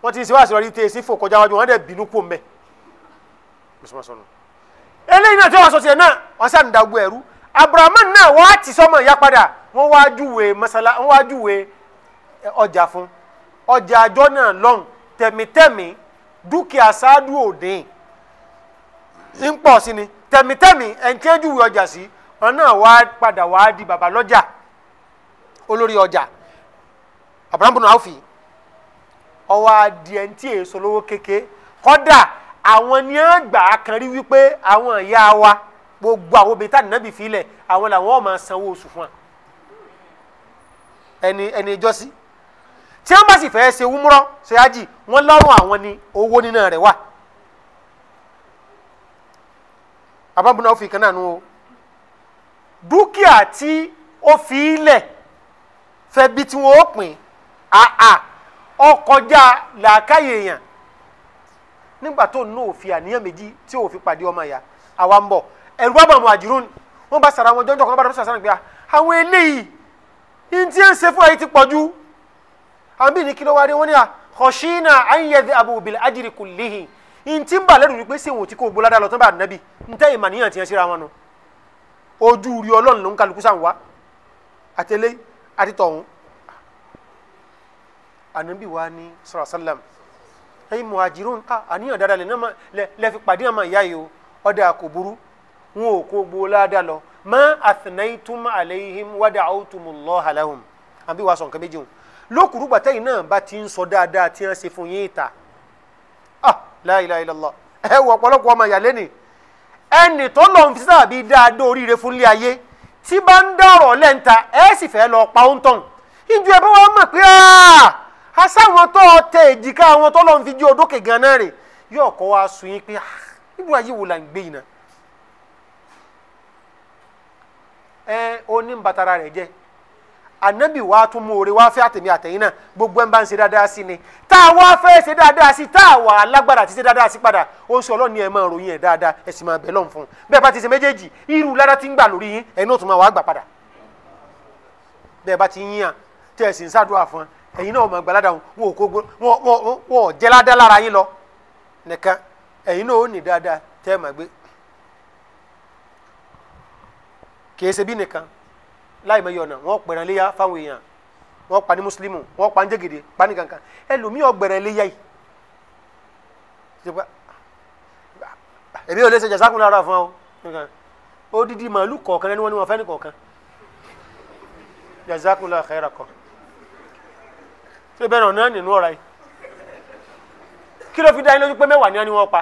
wọn ti ń ṣe wá sí lọ rí tẹ sí fò kọjá wájú wọn dẹ bínú kò mẹ eléyìí náà tí wọn sọ tiẹ̀ náà wọn sàn dàgbò ẹrú abrahamu náà wọn á ti sọmọ ìyá padà wọn wá júwe masala wọn wá júwe eh, ọjà fún un ọjà àjọ náà lọ́hùn tẹ̀mítẹ̀mí dúkìá ṣáájú òde ń pọ̀ sí ni tẹ̀mítẹ̀mí ẹ̀ńtẹ́jú ọjà sí wọn náà wá padà wá di bàbá lọ́jà olórí ọjà àbúrámbùnú àwòfì ọwọ́ adìẹ ń tí èso lówó kéke kọ́dà àwọn ni á gbà á kan rí wípé àwọn ìyá wa gbogbo àwọn obìnrin tá nínú ibì àwọn làwọn ọ̀ sanwó oṣù fún wa ẹni ẹni ìjọsí tí wọ́n bá sì fẹ́ ṣe wúmúrọ́ ṣe ájì wọ́n lọ́rùn àwọn ni owó níná rẹ̀ wà. abábùnà òfin kan náà nu o dúkìá tí ó fi ilẹ̀ fẹ́ bí tí wọ́n ó pín àà ọkọjá làákàyè èèyàn nígbà tó nù òfin àníyàn méjì tí ò fi pàdé ọmọ ìyá àwa ń bọ̀ ẹ̀rù bá bàmù àjùrún wọ́n bá sara wọn jọ́jọ́ kan bá dọ́sọ̀ sára gbé àwọn eléyìí ní tí ń ṣe fún ẹ̀yìn ti pọ̀jù àwọn bíi ní kí ló wá rí wọn ní à khashina an yadhabu bil ajri kullihi ntí ń bà lẹ́nu wípé sèwọ̀n tí kò gbóládà lọ tó bá nàbì ntẹ́ ìmàníyàn tiẹ̀ síra wọn nu ojú rí ọlọ́run ló ń kálukú sáwọn wá àtẹlé àti ànábì wa ní sọ̀rọ̀ sálàm ẹ̀yin muhajirun a àníyàn dáadáa lẹ̀ náà lẹ́fi pàdé àmọ́ ìyá yìí o ọ̀dà kò burú wọn ò kó gbóládà lọ ma athnaytum alayhim wada'awtumullaha lahum àbí wàá lókùrúgbà tẹ́yìn náà bá ti ń sọ dáadáa tí wọ́n ṣe fún yín ta ah la ilaha illallah ẹ wọ ọ̀pọ̀lọpọ̀ ọmọ ìyàlẹ́ ni ẹnì tó lọ fi sábàbí dáadó oríire fún ilé ayé tí bá ń dọ̀rọ̀ lẹ́ńta ẹ sì fẹ́ lọ pa ó ń tàn ìjọ ẹ bá wọn mọ̀ pé asáwọn ah, tó tẹ èjìká àwọn tó lọ fi jí odókè gan náà rè yóò kọ́ wa sùn yín pé ah, ibú ayé wo la ń gbé yìí náà ẹ oníbàtàrà rẹ̀ jẹ́ anabi wa tún mú oore wá fẹ́ àtẹ̀mí àtẹ̀yìn náà gbogbo ẹ̀ ń bá ń ṣe dáadáa sí ni tá a wá fẹ́ ṣe dáadáa sí tá a wà alágbára àti ṣe dáadáa sí padà ó ń sọ ọlọ́run ni ẹ máa ròyìn ẹ̀ dáadáa ẹ sì máa bẹ̀ lọ́n fún un bẹ́ẹ̀ bá ti ṣe méjèèjì irú lára ti ń gbà lórí yín ẹ̀yin náà tún máa wá gbà padà bẹ́ẹ̀ bá ti yín à tẹ́ ẹ̀ sì ń ṣàdúrà fún ẹ̀yin náà máa gbàládà wọn ò jẹ́ ládá lára yín lọ nìkan ẹ̀yin náà ó ní dáadáa tẹ́ ẹ̀ máa gbé kì í ṣe bí nìkan láì mẹ́yọ̀ ọ̀nà wọ́n pẹ̀rẹ̀ léyà fáwọn èèyàn wọ́n pa ní mùsùlùmù wọ́n pa ní jẹ́gẹ̀dẹ̀ pa ní kankan ẹlòmíì ọgbẹ̀rẹ̀ léyà yìí èmi ò lè ṣe jàsákùn lára fún ọ nǹkan ó dídí màálù kọ̀ọ̀kan ẹni wọn ni wọn fẹ́ ní kọ̀ọ̀kan jàsákùn lára xẹ́ra kọ̀ ṣé bẹ́ẹ̀ náà náà nínú ọ̀ra yìí kí ló fi dá yín lójú pé mẹ́wàá ni wọ́n pa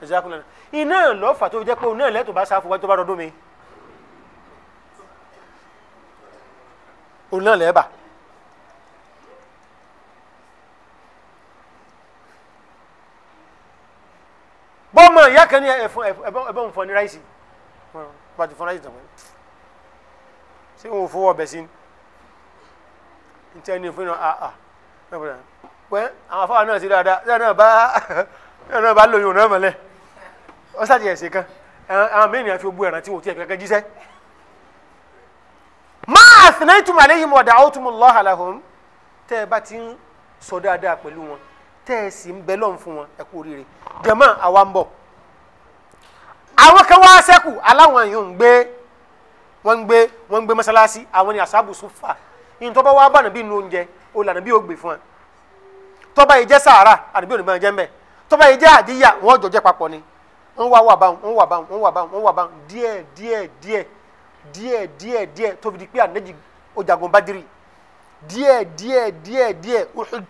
jàsákùn lára iná lọ́fà tó jẹ́ pé òun náà lẹ́tọ̀ọ́ bá sáfù wájú tó bá rọdún mi. òun náà lẹ́ẹ̀bà. bọ́ọ̀mọ ìyá kan ní ẹ̀fọn ẹ̀bọ̀n fún ọ ní ráìsì pàtó fún ráìsì tàbí ṣé òun fowó ọbẹ̀ sí ní ah, ah. tí ẹni fún àà pẹ́ àwọn afáwọn náà ti dáadáa ṣé náà bá náà bá lóyún náà mọ̀lẹ́ ọ sáàtì ẹ̀sìn kan àwọn mẹ́rin àfi ogbó ẹ̀ràn tí wọ́n ti ẹ̀kẹ́kẹ́ jíṣẹ́. máa sinaitum aleyhim wa ẹ bá ti ń sọ dáadáa pẹ̀lú wọn tẹ́ ẹ sì ń bẹ fún wọn ẹ kú àwa ń àwọn kan wá sẹ́kù aláwọn yìí ń gbé àwọn ni àṣàbù sùfà yìí tọ́ bá wá bá nàbí nu oúnjẹ bí gbè fún ẹ tọ́ bá yìí jẹ́ sàárà àdàbí òní jẹ́ mbẹ́ tọ́ bá díẹ̀ díẹ̀ díẹ̀ tó fi di pé ànájì ojagun badiri díẹ̀ díẹ̀ díẹ̀ díẹ̀ uhud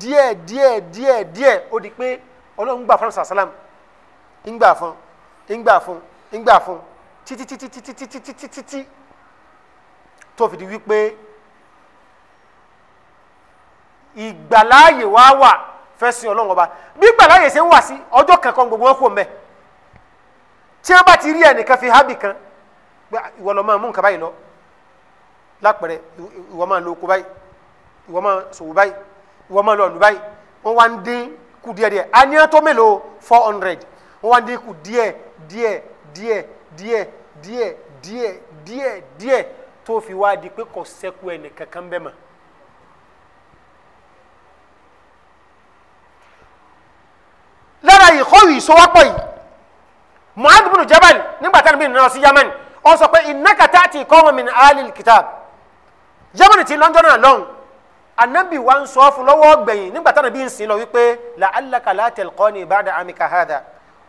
díẹ̀ díẹ̀ díẹ̀ díẹ̀ ó di pé ọlọ́run gbà fún sàlám ńgbà fún ńgbà fún ńgbà fún títí títí títí títí títí títí tó fi di wípé ìgbàláàyè wá wà fẹ́sìn ọlọ́run ọba bí ìgbàláàyè ṣe ń wà sí ọjọ́ kankan gbogbo wọn kò mẹ́ tí wọ́n bá ti rí ẹnìkan fi hábì kan pé ìwọ lọ máa mú nǹkan báyìí lọ lápẹrẹ ìwọ máa lo oko báyìí ìwọ máa sòwò báyìí ìwọ máa lọ ọ̀lù báyìí wọ́n wá ń dín kù díẹ̀ díẹ̀ a ní mélòó four hundred wọ́n wá ń dín kù díẹ̀ díẹ̀ díẹ̀ díẹ̀ díẹ̀ díẹ̀ díẹ̀ díẹ̀ tó fi wá di pé kò sẹ́kù ẹnì kankan bẹ́ẹ̀ mọ́. lára ìkọ́wé ìsowọ́pọ̀ yìí Mu'adh bin Jabal nígbà tá a nínú sí Yamani ọ sọ pé ìnáka tá a ti kọ́ wọn mi ní alil kitab yamani ti lọ́njọ́ náà lọ́hùn anabi wa ń sọ fún lọ́wọ́ gbẹ̀yìn nígbà táwọn bí ń sìn lọ wípé la'allaka la telqani ba'da amika hadha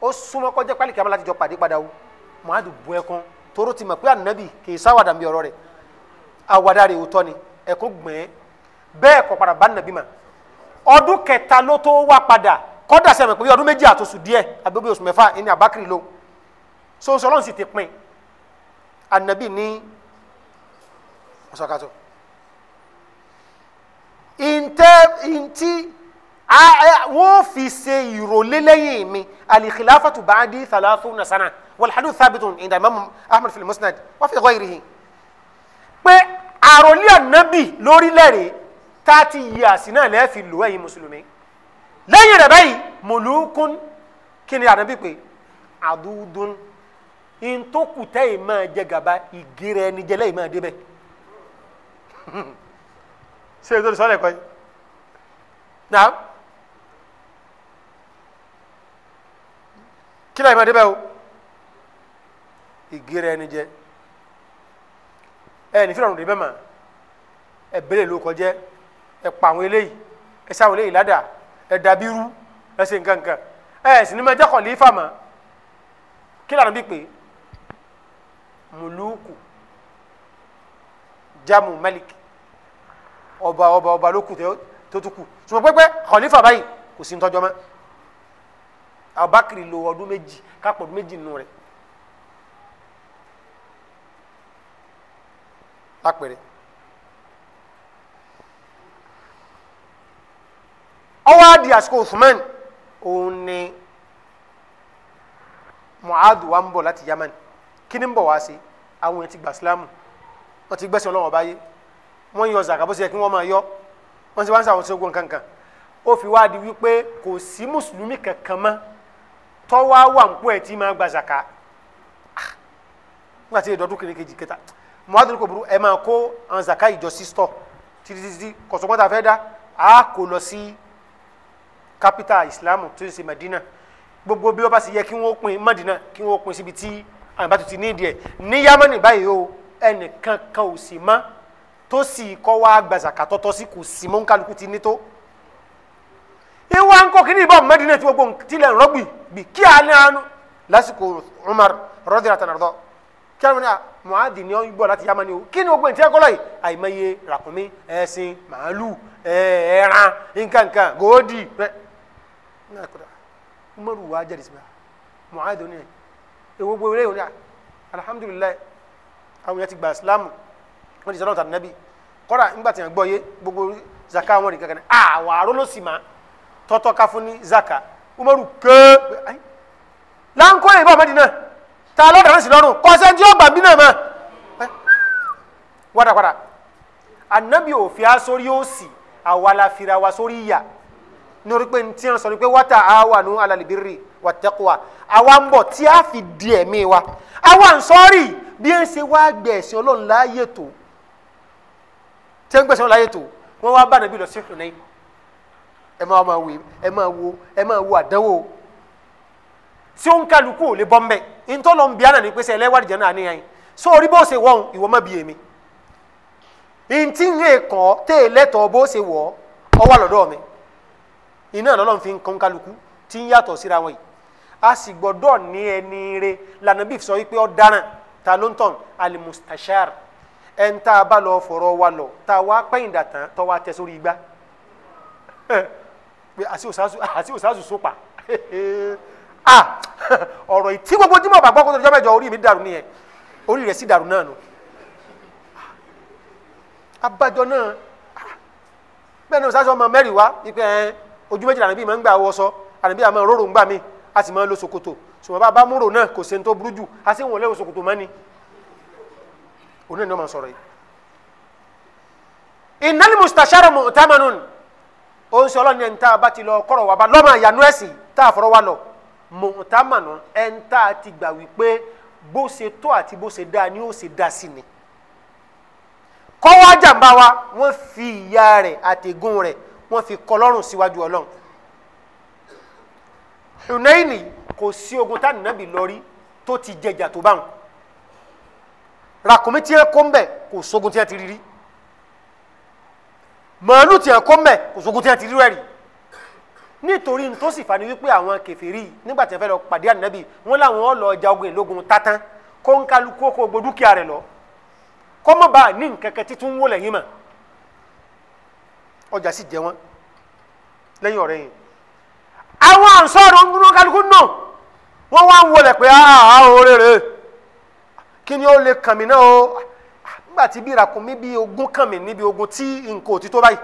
ó súnmọ́ kọjá pálí kí a máa láti jọ pàdé padà o muhadu bu ẹkún tóró ti mọ̀ pé anabi kì í sáwàdà bí ọ̀rọ̀ rẹ̀ àwàdà rẹ̀ òótọ́ ni ẹ̀kún gbẹ̀ẹ́ bẹ́ẹ̀ kọ̀ padà bá nàbí ma ọdún kẹta ló tó wá padà kọ́dà sẹ́mi pé ọdún méjì àtòsù díẹ̀ àbí oṣù mẹ́fà ẹni àbákìrì ló so sọlọ́n sì ti pin anabi ní ọsọkatọ ntẹ ntí wọ́n fi ṣe ìrọ̀lẹ́ lẹ́yìn mi alikilafatu baadi thalathu nasana walhadu thabitun inda imam ahmed fil musnad wa fi ghayrihi pé àròlé anabi lórílẹ̀rẹ̀ tààtì yíyàsí náà lẹ́ẹ̀fì lò ẹ̀yin mùsùlùmí lẹ́yìn rẹ̀ báyìí mùlùkún kí ni anabi pé àdúdún ntokuta yi ma jẹ gaba ìgèrè ẹnìjẹlẹ yìí máa débẹ ṣé ètò ìsọ̀rọ̀ ẹ̀kọ́ yìí náà kí láì máa débẹ o ìgèrè ẹnìjẹ ẹ nífẹ̀ẹ́ ọ̀run débẹ̀ mà ẹ bẹ̀rẹ̀ ló kọjẹ́ ẹ pa àwọn eléyìí ẹ sáwọn eléyìí ládàá ẹ dàbí rú ẹ ṣe nǹkan nǹkan muluku jamu malik ọba ọba ọba ló kù tó tó kù sùmọ́ pẹ́pẹ́ khalifa báyìí kò sí ntọ́jọ́ mọ́ abakiri lo ọdún méjì kápọ̀ ọdún méjì nù rẹ̀ lápẹ̀rẹ̀ ọwọ́ adi àsìkò usman òun ni mu'adu wa ń bọ̀ láti yamani. kíni ń bọ̀ wá sí àwọn yẹn ti gbà sílámù wọ́n ti gbẹ́sẹ̀ ọlọ́wọ́ báyé wọ́n yọ zaka bó ṣe yẹ kí wọ́n máa yọ wọ́n ti wá ń sàwọn tó gbọ́n kankan ó fi wá di wípé kò sí mùsùlùmí kankan mọ́ tọ́wọ́ wà ń kó ẹ̀ tí máa gba zaka ah! nígbà tí ìdọ́dún kiri kejì kẹta muhammed kò burú ẹ máa kó àwọn zaka ìjọ sí stọ títí kọ̀sọ̀kọ́ta fẹ́ dá a kò lọ sí capital islam tó ń ṣe madina gbogbo bí wọ́n bá ṣe yẹ kí wọ́n pín madina kí wọ́n pín síbi tí àyìnbá tó ti ní ìdí ẹ̀ ní yámánì báyìí o ẹnìkan kan ò sì mọ́ tó sì kọ́ wá gbàzàkà tọ́tọ́ sí kò sí mọ́ nkálukú ti ní tó ìwà ńkọ́ kí ni ìbọn mẹ́dínà tí gbogbo tilẹ̀ rọ́gbì bí kí á ní àánú lásìkò Umar rọ́dìrà tànàdọ́ kí á ní muhadi ní ọ̀yìnbó láti yámánì o kí ni gbogbo ìtí ẹ̀kọ́ lọ́yìí àìmọye ràkúnmí ẹ̀sìn màálù ẹ̀ẹ̀ran nkankan gòódì bẹ́ẹ̀ umaru wa jáde sí mi muhadi oníyẹn ewu gbogbo eré òní à alihamudulilayi àwọn yẹn ti gba isilamu wọn ti sọ lọ́wọ́ tàbí nẹ́bí kọ́ra nígbà tí wọ́n gbọ́ yé gbogbo zaka wọn nìkan kan ah, àwọn arólósì máa tọ́tọ́ ká fún ní zaka umaru kéé láńkó yìí bá ọmọdé náà ta lọ́dọ̀ rẹ̀ sí lọ́rùn kọ́sẹ́ tí ó gbà mí náà mọ́ wádàpadà anabi òfin asórí òsì àwa la fira wa sórí ìyà ní orí pé ní tí wọ́n sọ ni pé wọ́tà á wà ní wàtẹ́kùwà àwa ń bọ̀ tí a fi di ẹ̀mí wa àwa ń sọ́ọ̀rì bí ẹ̀ ń ṣe wá gbẹ̀ ẹ̀sìn ọlọ́run láàyè tó tí ẹ̀ ń gbẹ̀sìn ọlọ́run láàyè tó wọ́n wá bá nàbí lọ sí ìrìnnà yìí ẹ máa máa wo ẹ máa wo ẹ máa wo àdánwò tí ó ń kálukú ò lè bọ́ mbẹ́ ntọ́lọ́ ń bí àná ní pẹ́sẹ́ ẹlẹ́wàá ìjẹ́ náà níyàn so orí bó ṣe wọ́n ìwọ má bí èmi ntí ń kọ́ tẹ́ ẹ lẹ́tọ̀ọ́ bó ṣe wọ́ ọ wà lọ́dọ̀ mi iná lọ́lọ́ fi ń kọ́ kálukú tí ń yàtọ̀ síra wọn yìí a sì gbọ́dọ̀ ní ẹni re lànà bí sọ wípé ọ̀daràn ta ló ń tàn alimustashar ẹn tá a bá lọ fọ̀rọ̀ wa lọ tá a wá pẹ́yìn dàtàn tó wá tẹ sórí igbá pé àti òsàsù sopa ah ọ̀rọ̀ ìtí gbogbo tí mo bá gbọ́ kó tó jọ́ mẹ́jọ orí mi dàrú nìyẹn orí rẹ̀ sì dàrú náà nù abájọ náà bẹ́ẹ̀ ni òsàsù ọmọ mẹ́rin wá ipe ẹ̀ ojú méjìlá níbí máa ń gbà wọ́ sọ àníbí àmọ́ òróró ń gbà mí a sì máa ń lo ṣòkòtò ṣùgbọ́n bá a bá múrò náà kò ṣe ń tó burú jù a sì ń wọlé ṣòkòtò mọ́ni òun náà ni wọ́n máa sọ̀rọ̀ yìí. ìnáli mustachara mu'tamanun ó ń sọ ọlọ́ni ẹni tá a bá ti lọ kọ́rọ̀ wa bá lọ́mọ àyànú ẹ̀sìn tá a fọ́rọ́ wa lọ mu'tamanun ẹni tá a ti gbà wípé bó ṣe tó àti bó ṣe dáa ni ó ṣe dá sí ni kọ́wá jàǹbá wa wọ́n fi ìyá rẹ̀ àtẹ̀gùn rẹ̀ wọ́n fi kọ́ lọ́rùn síwájú ọlọ́run Hunaini kò sí ogun tá nàbì lórí tó ti jẹjà tó bá wọn ràkúnmí tí ẹ kó mbẹ kò sógun tí ẹ ti rí rí màálù tí ẹ kó mbẹ kò sógun tí ẹ ti rí rẹ rí nítorí tó sì fani wípé àwọn kèfèrí nígbà tí wọn fẹ́ lọ pàdé ànábì wọn làwọn ọlọ ọjà ogun ìlógun tátán kó ń kálukú kó gbó dúkìá rẹ lọ kọ́mọ́bà ní nkankan títún wọlé yín mà ọjà sì jẹ wọn lẹ́yìn ọ̀rẹ́ yìí àwọn ànsọ́ọ̀rù ń gbúná kálukú náà wọ́n wá ń wọlé pé àhà oore rè kí ni ó lè kàn mí náà o nígbà tí bí ìràkúnmí bí ogún kàn mí níbi ogun tí nǹkan ò ti tó báyìí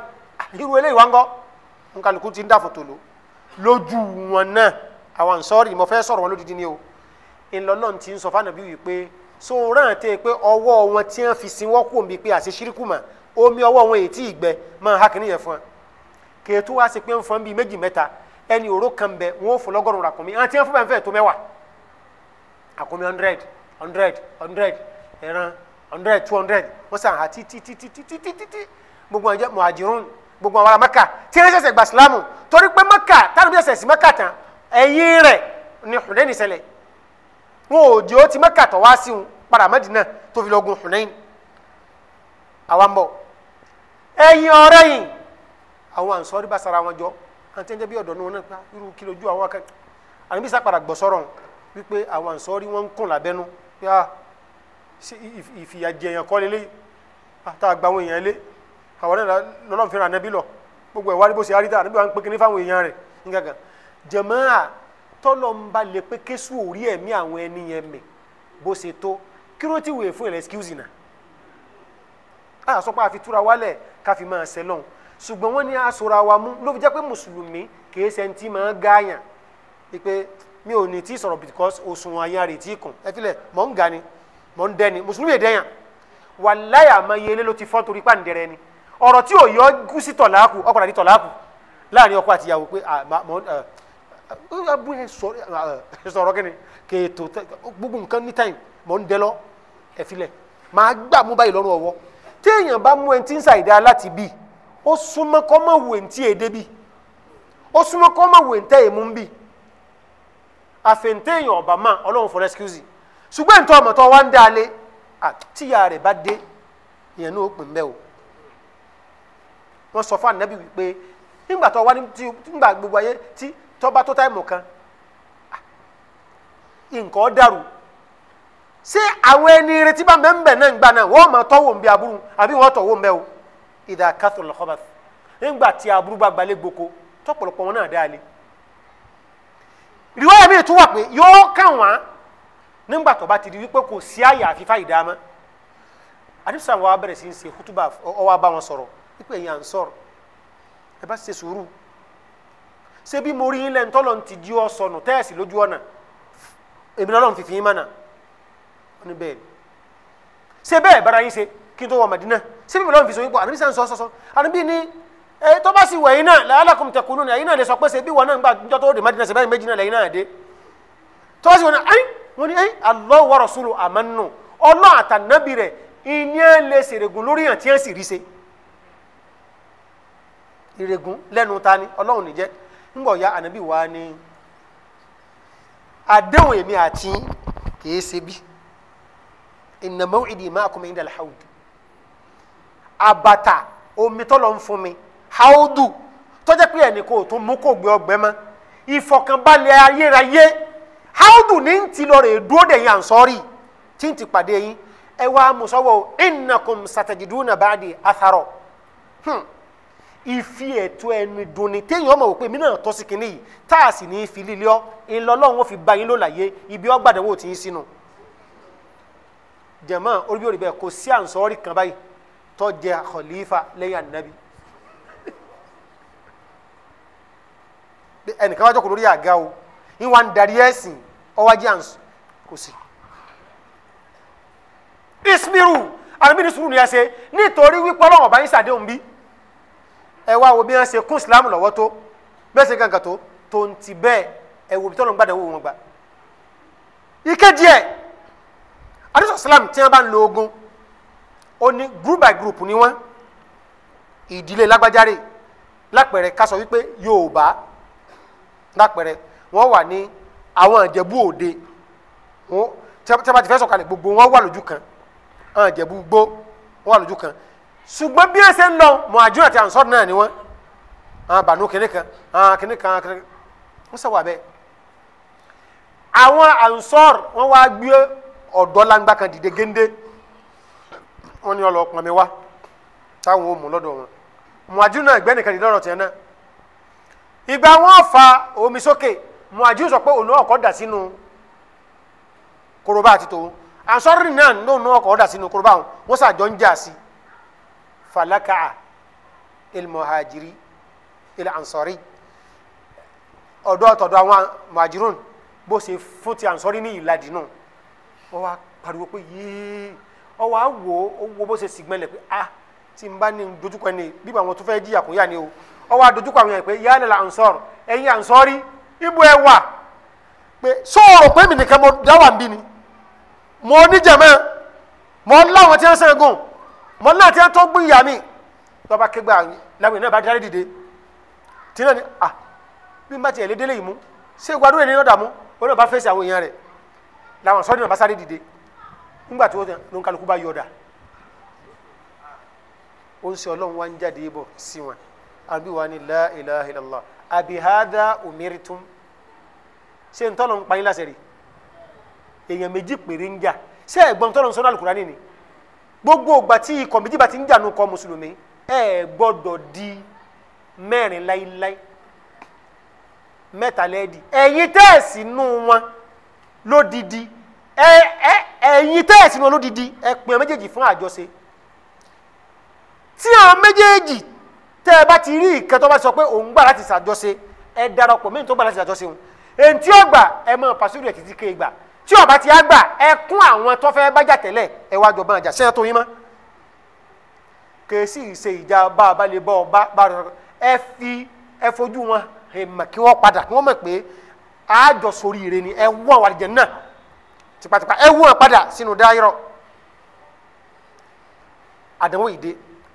irú eléyìí wá ń gọ́ ti ń dà fòtò lò lójú wọn náà àwọn fẹ́ sọ̀rọ̀ ni o ìlọ́nà ti ń sọ fánàbí wípé so rántí pé ọwọ́ wọn tí fi sin pé àṣẹ ṣíríkù mà omi ọwọ́ wọn èyí tí ì gbẹ máa fún wa pé ẹni òró kan bẹ wọn ò fọlọ́gọ́rùn ràkúnmí àwọn tí wọn fún bá ń fẹ́ tó mẹ́wàá àkúnmí hundred hundred hundred ẹran hundred two hundred wọn sàn ha títítítítítítí gbogbo àwọn mọ̀hajirun gbogbo àwọn ará maka tí wọn ṣẹ̀ṣẹ̀ gba silamu torí pé maka táwọn bí ṣẹ̀ṣẹ̀ sí maka tán ẹ̀yìn rẹ̀ ni Hunain ṣẹlẹ̀ wọn ò jẹ́ ó ti maka tọ̀ wá sí wọn Madina tó fi lọ́gùn Hunain àwọn bọ̀ ẹ̀yìn ọ̀rẹ́ yìí àwọn ànsọ́rí bá sara wọn jọ àti ẹnjẹ bí ọ̀dọ́ ní wọn náà pa irú kí lójú àwọn akẹ àníbí sàpàdà gbọsọrọ wípé àwọn ànsọrí wọn ń kùn lábẹnú pé a ah, ìfìyàjẹ èèyàn kọ́ lélẹ́yìí ah, tá a gba àwọn èèyàn lé àwọn náà lọ́lọ́run fi ràn ànábì lọ gbogbo ẹ̀ wá rí bó ṣe á rí tá ànábì wà ń pé kíní fáwọn èèyàn rẹ̀ ngangan jẹ̀mọ́à tọ́lọ̀ ń ba pé késù òrí ẹ̀mí àwọn ẹni yẹn bó ṣe tó kí ló ti wèé fún ẹ̀rẹ́ excuse náà a sọ túra wálẹ̀ ká máa ṣẹlọ́hún ṣùgbọ́n wọ́n ní aṣọra wa mú ló fi jẹ́ pé mùsùlùmí kìí ṣe ti máa ń gáàyàn pé mi ò ní tí sọ̀rọ̀ because òṣùwọ̀n àyàn rè tí kùn ẹ filẹ̀ mọ̀ ń ga ni mọ̀ ń dẹ́ni mùsùlùmí èdè yàn wàláyà àmọye ilé ló ti fọ́ torí pàǹdẹ̀rẹ̀ ni ọ̀rọ̀ tí ò yọ sí tọ̀láàkù ọ̀pọ̀lọpọ̀ ní tọ̀láàkù láàrin ọkọ àti ìyàwó pé time mọ̀ ń dẹ́ lọ ẹ filẹ̀ máa gbà mú báyìí lọ́rùn ọwọ́ téèyàn bá mú ẹ ti ń ṣàìdá láti bíi ó súnmọ́ kọ́ mọ̀ wẹ̀ntì èdè bi ó súnmọ́ kọ́ mọ̀ wẹ̀ntẹ́ èmú bi àfẹ̀ntẹ́yìn ọ̀bà mọ́ ọlọ́run fọlẹ́ ẹ́síkúsì ṣùgbọ́n ìtọ́ ọmọ tó wá ń dáa lé tíyà rẹ̀ bá dé ìyẹn ní òpin bẹ́ẹ̀ o wọ́n sọ fún ànábì wípé nígbà tó wá nígbà gbogbo ayé tí tọ́ba tó táìmù kan nǹkan dàrú ṣé àwọn ẹni retí bá mẹ́ńbẹ̀ náà ń gbà náà wọ́n mọ̀ tọ́wọ́ ń bí aburú àbí wọ́n tọ̀wọ́ o ìdá kathol lọ́kọ́bà nígbà tí aburú bá gbalẹ̀ gboko tọ́pọ̀lọpọ̀ wọn náà dáálé riwaya mi tún wà pé yóò kàn wá nígbà tó bá ti di wípé kò sí àyà àfífà ìdámọ́ àdìsàn wa bẹ̀rẹ̀ sí í ṣe kútùbà ọwọ́ bá wọn sọ̀rọ̀ wípé ẹ̀yin à ń sọ̀rọ̀ ẹ bá ṣe sùúrù ṣé bí mo rí yín lẹ́nu ti di ọ sọnù tẹ́ẹ̀sì lójú ọ̀nà èmi náà lọ́n fìfì yín mọ́nà ní bẹ́ẹ̀ ṣé bẹ́ẹ̀ bára yín ṣe kí n tó wọ Màdínà síbi ìlọrin fìsọ wípé ànábì sàn sọsọsọ ànábì ní ẹ tó bá sì wẹ̀ yín náà làálàkùn tẹkùnú ni ẹ̀yin náà lè sọ pé ṣe bí wọn náà ń gbà níjọ́ tó dé Madina sẹ́bẹ̀rẹ̀ méjì náà lẹ́yìn náà dé tó bá sì wẹ̀ náà ẹ́yìn wọn ni ẹ́yìn Allah wa rasulu amanu ọlọ́ àtànábì rẹ̀ ìyẹn lè ṣèrègùn lórí hàn tí ẹ̀ sì rí ṣe ìrègùn lẹ́nu ta ni ọlọ́run níjẹ́ ńgbọ̀ ya ànábì wa ni àdéhùn èmi àti kìí ṣe bí inna maw'idi ma'akum inda al abata omi tọ́lọ̀ ń fún mi haudu tọ́jà pé ẹnì kò tó mú kò gbé ọgbẹ́ mọ́ ìfọ̀kànbalẹ̀ ayérayé haudu ní ti lọ rè dúró tí ń ti pàdé yín ẹ wá musọ́wọ́ innakum satajiduna ba'di atharọ̀ hmm. ìfi ẹ̀tọ́ ẹnu dunni téèyàn ọmọ wò pé mí náà tọ́ sí kinní yìí tá a sì ní í fi lílé fi yín lólàyé ibi ń sínú jẹ̀mọ́ orí bí orí bẹ́ẹ̀ kò sí tó jẹ́ khalifa lẹ́yìn anabi ẹnìkan wá jókòó lórí àga o ń wá ń darí ẹ̀sìn ọwájú àǹsù kò sí. ismiru àrùbíní sùúrù ni ẹ ṣe nítorí wípé ọlọ́run ọba yín ṣàdéhùn bí ẹ wá wo bí wọ́n ṣe kún islam lọ́wọ́ tó bẹ́ẹ̀ ṣe gàǹgà tó tó bẹ́ẹ̀ ẹ wo bí tọ́lọ́ ń gbàdánwò wọn gbà. ìkejì ẹ̀ àdúsọ̀ islam tí wọ́n bá ń lo ogun ó ní group by group ni wọ́n ìdílé lágbájáre lápẹ̀rẹ̀ ká sọ wípé Yorùbá lápẹ̀rẹ̀ wọ́n wà ní àwọn Ìjẹ̀bú Òde tí a bá ti fẹ́ sọ̀kalẹ̀ gbogbo wọn wà lójú kan àwọn Ìjẹ̀bú gbó wọn wà lójú kan ṣùgbọ́n bí ẹsẹ̀ ń lọ mọ àti ànsọ́ọ̀dù náà ni wọ́n àwọn bànú kìnìún kan àwọn kìnìún kan kìnìún kan wọ́n sọ wà bẹ́ẹ̀ àwọn ànsọ́ọ̀rù wọ́n wá gbé ọ̀dọ́ langba kan dìde géńdé wọ́n ní ọlọ́ pọn mi wá táwọn ò mú lọ́dọ̀ wọn muhajiru náà ẹgbẹ́ nìkan ìdọ́rọ̀ tiẹ̀ náà ìgbà wọn fa omi sókè muhajiru sọ pé òun náà kọ́ dà sínú koroba àti tòun ansọ́rì náà lóun náà kọ́ dà sínú koroba àwọn wọ́n sàjọ ń jà sí falaka ilmuhajiri ilansọ́rì ọ̀dọ́ tọ̀dọ̀ àwọn muhajirun bó ṣe fún ti ansọ́rì ní ìlàdì náà wọ́n wá pariwo pé yéé ọwọ́ àwò owó bó ṣe sìgbẹ́lẹ̀ pé a ah, ti ń bá ní dojúkọ ẹni bí àwọn tó fẹ́ jíyà kó yà ni o ọwọ́ àdojúkọ àwọn yẹn pé yà ni là ń sọ̀rọ̀ ẹ̀yin à ń sọ́rí ibo ẹ wà pé sọ̀rọ̀ pé mi nìkan mo dáwà ń bí ni mo níjàmẹ́ mo láwọn tí wọ́n sàn gùn mo náà tí wọ́n tó gbé ìyá mi lọ́ba kẹgbẹ́ àwọn làwọn náà bá dárí dìde tí náà ni à bí n bá tiẹ̀ lé délé yìí mú ṣé ìwádùn ènìyàn dààmú ó náà bá fèsì àwọn èèyàn rẹ̀ làwọn sọ́ọ́ ńgbà tó ló ń kálukú bá yọ̀dà ó ń sọ ọlọ́run wá ń jáde bọ̀ sí wọn àbí wà ní la ilaha illallah abihada umiritum ṣé ntọ́lọ̀ ń pa yín láṣẹ rí èèyàn méjì péré ń jà ṣé ẹ̀gbọ́n tọ́lọ̀ ń sọ́nà alukurani ni gbogbo ìgbà tí ikọ̀ méjì bá ti ń jà nù kọ́ mùsùlùmí ẹ gbọ́dọ̀ di mẹ́rin láíláí mẹ́ta lẹ́ẹ̀dì ẹ̀yin tẹ́ẹ̀sì nù wọn lódìdí ẹ ẹ ẹ̀yin tẹ́ẹ̀sì ní olódìdí ẹ pè àwọn méjèèjì fún àjọṣe tí àwọn méjèèjì tẹ́ ẹ bá ti rí ìkẹ́ tó bá sọ pé òun gbà láti ṣàjọṣe ẹ darapọ̀ mẹ́rin tó gbà láti ṣàjọṣe òun èyí tí ó gbà ẹ mọ pàṣírí ẹ̀ títí ké gbà tí ó bá ti á gbà ẹ kún àwọn tó fẹ́ bájà tẹ́lẹ̀ ẹ wá jọba àjà sẹ́yìn tó yín mọ́ kèsì ìṣe ìjà bá a bá bọ́ bá ẹ fi ẹ fojú wọn èèmọ̀ kí wọ́n padà kí wọ́n mọ̀ pé àjọṣoríire ni ẹ wọ́n àwàlìjẹ náà tipatipa ẹ wú hàn padà sínú dáyọrọ àdánwò ìdè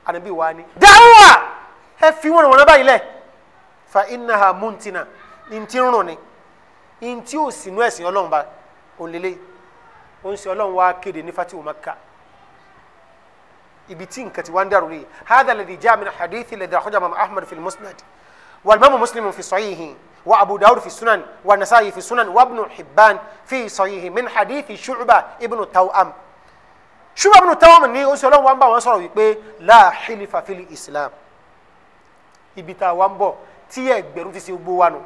ànábì wa ni dáhùwà ẹ fi wọn wọn báyìí lẹ fa iná ha múntinà ntí ń rùn ni ntí ò sínú ẹsìn Ọlọ́run ba òlélẹ ó ń sọ Ọlọ́run wa kéde ní fatihu maka ibi tí nǹkan ti wá ń dàrú hadha alladhi jaa hadithi alladhi akhrajahu ahmad fi musnad muslim fi sahihi. وأبو داود في السنن والنسائي في السنن وابن حبان في صحيح من حديث شعبة ابن التوأم شعبة ابن التوأم ní oṣù ọlọ́run wa ń bá wọn لا حلف في الإسلام ibi tá a wá ń bọ̀ tí ẹgbẹ̀rún ti ṣe gbogbo wa nù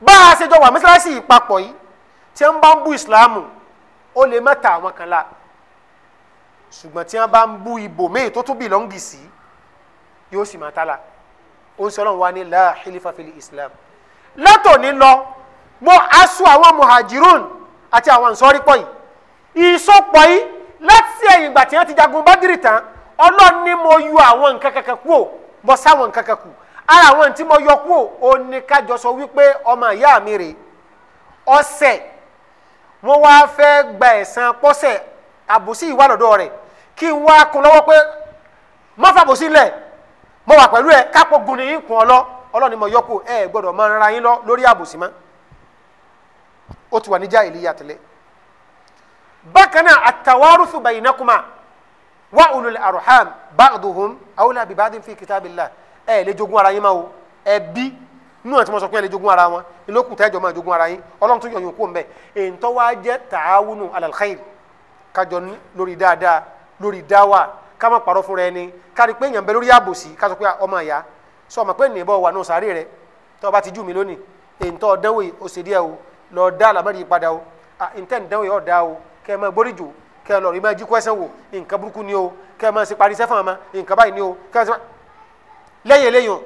bá a ṣe jọ wà mọ́sálásí ìpapọ̀ yìí tí wọ́n bá ń bú ìsìláàmù ó lè kan la ṣùgbọ́n tí wọ́n bá ń bú ibò míì tó tún bì lọ́ngì sí yóò sì máa ta la wa ní لا حلف في الإسلام látòní lọ mo aṣọ àwọn muhajirun àti àwọn ansọ́rí pọ̀ yìí ìsopọ̀ yìí láti ẹ̀yìn ìgbà tí wọ́n ti jagun bádìrì tán ni mo yọ àwọn nǹkan kankan kú ò sáwọn nǹkan kankan ara àwọn tí mo yọ kú ò ọmọ ìyá mi ọsẹ wá gba àbòsí ìwà kí n wá kun wà ẹ gùn ní ìkùn ọlọ. ọlọ́run ni mo yọ kó ẹ gbọ́dọ̀ máa ra yín lọ lórí àbòsí mọ́ ó ti wà ní jahiliya tẹ́lẹ̀ bákan náà àtàwárùsù bainakuma wa ulul arham ba'duhum awla bi ba'din fi kitabillah ẹ lè jogún ara yín máa wo ẹbí nínú àti wọn ẹ lè jogún ara wọn ìlókùn tẹ́jọ́ máa jogún ara yín ọlọ́run tún yọ̀yún kó ń bẹ̀ wá jẹ́ tààwùnù alal kájọ lórí dáadáa lórí dáwà ká má fúnra ẹni ká pé èèyàn bẹ lórí àbòsí ká ah, ọmọ àyà sọ ma pé nìbọn wà nù sàárè rẹ tọ́ ọ bá ti jù mí lónìí èyí dánwò yìí ó ṣe díẹ̀ o lọ dá àlámọ́rí yìí padà o ntẹ́ni dánwò yìí ọ̀ dá o kẹ́ ẹ máa borí jù kẹ́ ẹ lọ rí máa jí kwẹ́sẹ̀ wò nǹkan burúkú ni o kẹ́ ẹ máa ṣe parí sẹ́fọ̀n ọmọ nǹkan báyìí ni o kẹ́ ẹ ṣe lẹ́yìn eléyìí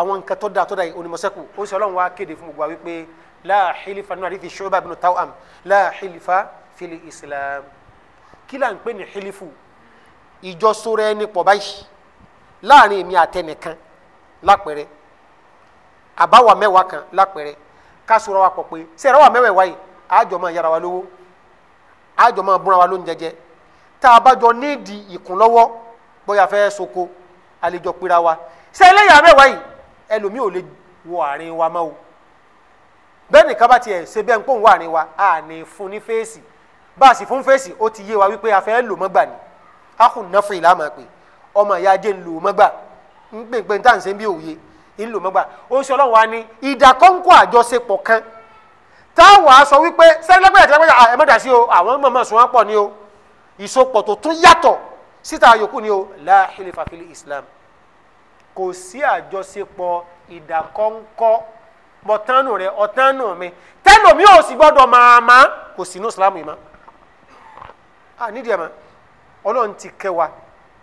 àwọn nǹkan tó dáa tó dáa yìí onímọ̀sẹ́kù ó sì ọlọ́run wá kéde fún gbogbo wa wípé la fili islam kí là ń pè ní hilifu ìjọ sóra ẹni pọ̀ láàrin èmi àtẹnìkan lápẹrẹ àbáwá mẹ́wàá kan lápẹrẹ kásùrọ wa pọ̀ pé sẹrẹ wa mẹ́wàá wáyé àjọ máa yára wa lówó àjọ máa búra wa ló ń jẹjẹ tá a bá jọ nídìí ìkúnlọ́wọ́ bóyá fẹ́ soko àlejò pera wa sẹlẹ yàrá mẹ́wàá yìí ẹlòmíì ò lè wọ àárín wa mọ́ o bẹ́ẹ̀ nìkan bá tiẹ̀ ṣe bẹ́ẹ̀ ń pòun wà àárín wa a ní fún ní fèsì bá a sì fún fèsì ó ti yé wa wípé a fẹ́ lò mọ́gbà ni a kò náfẹ́ ìlànà pé ọmọ ìyá jẹ́ ńlò mọ́gbà ńpèpè tá à ń ṣe bí òye ńlò mọ́gbà ó ń sọ ọlọ́run wa ni ìdàkọ́ńkọ́ àjọṣepọ̀ kan táwa sọ wípé sẹ́lẹ̀gbẹ̀rẹ̀ tí wọ́n ẹ mọ̀dà sí o àwọn mọ̀mọ́ sùn wọ́n pọ̀ ni o ìsopọ̀ tó tún yàtọ̀ síta yòókù ni o la hilifa Islam kò sí àjọṣepọ̀ ìdàkọ́ńkọ́ bọ̀tánù rẹ̀ ọ̀tánù mi tẹ́lọ̀mí ò sì gbọ́dọ̀ màmá kò sínú Islam ìmọ̀ à nídìí ẹ̀ mọ́ ọlọ́run ti kẹwàá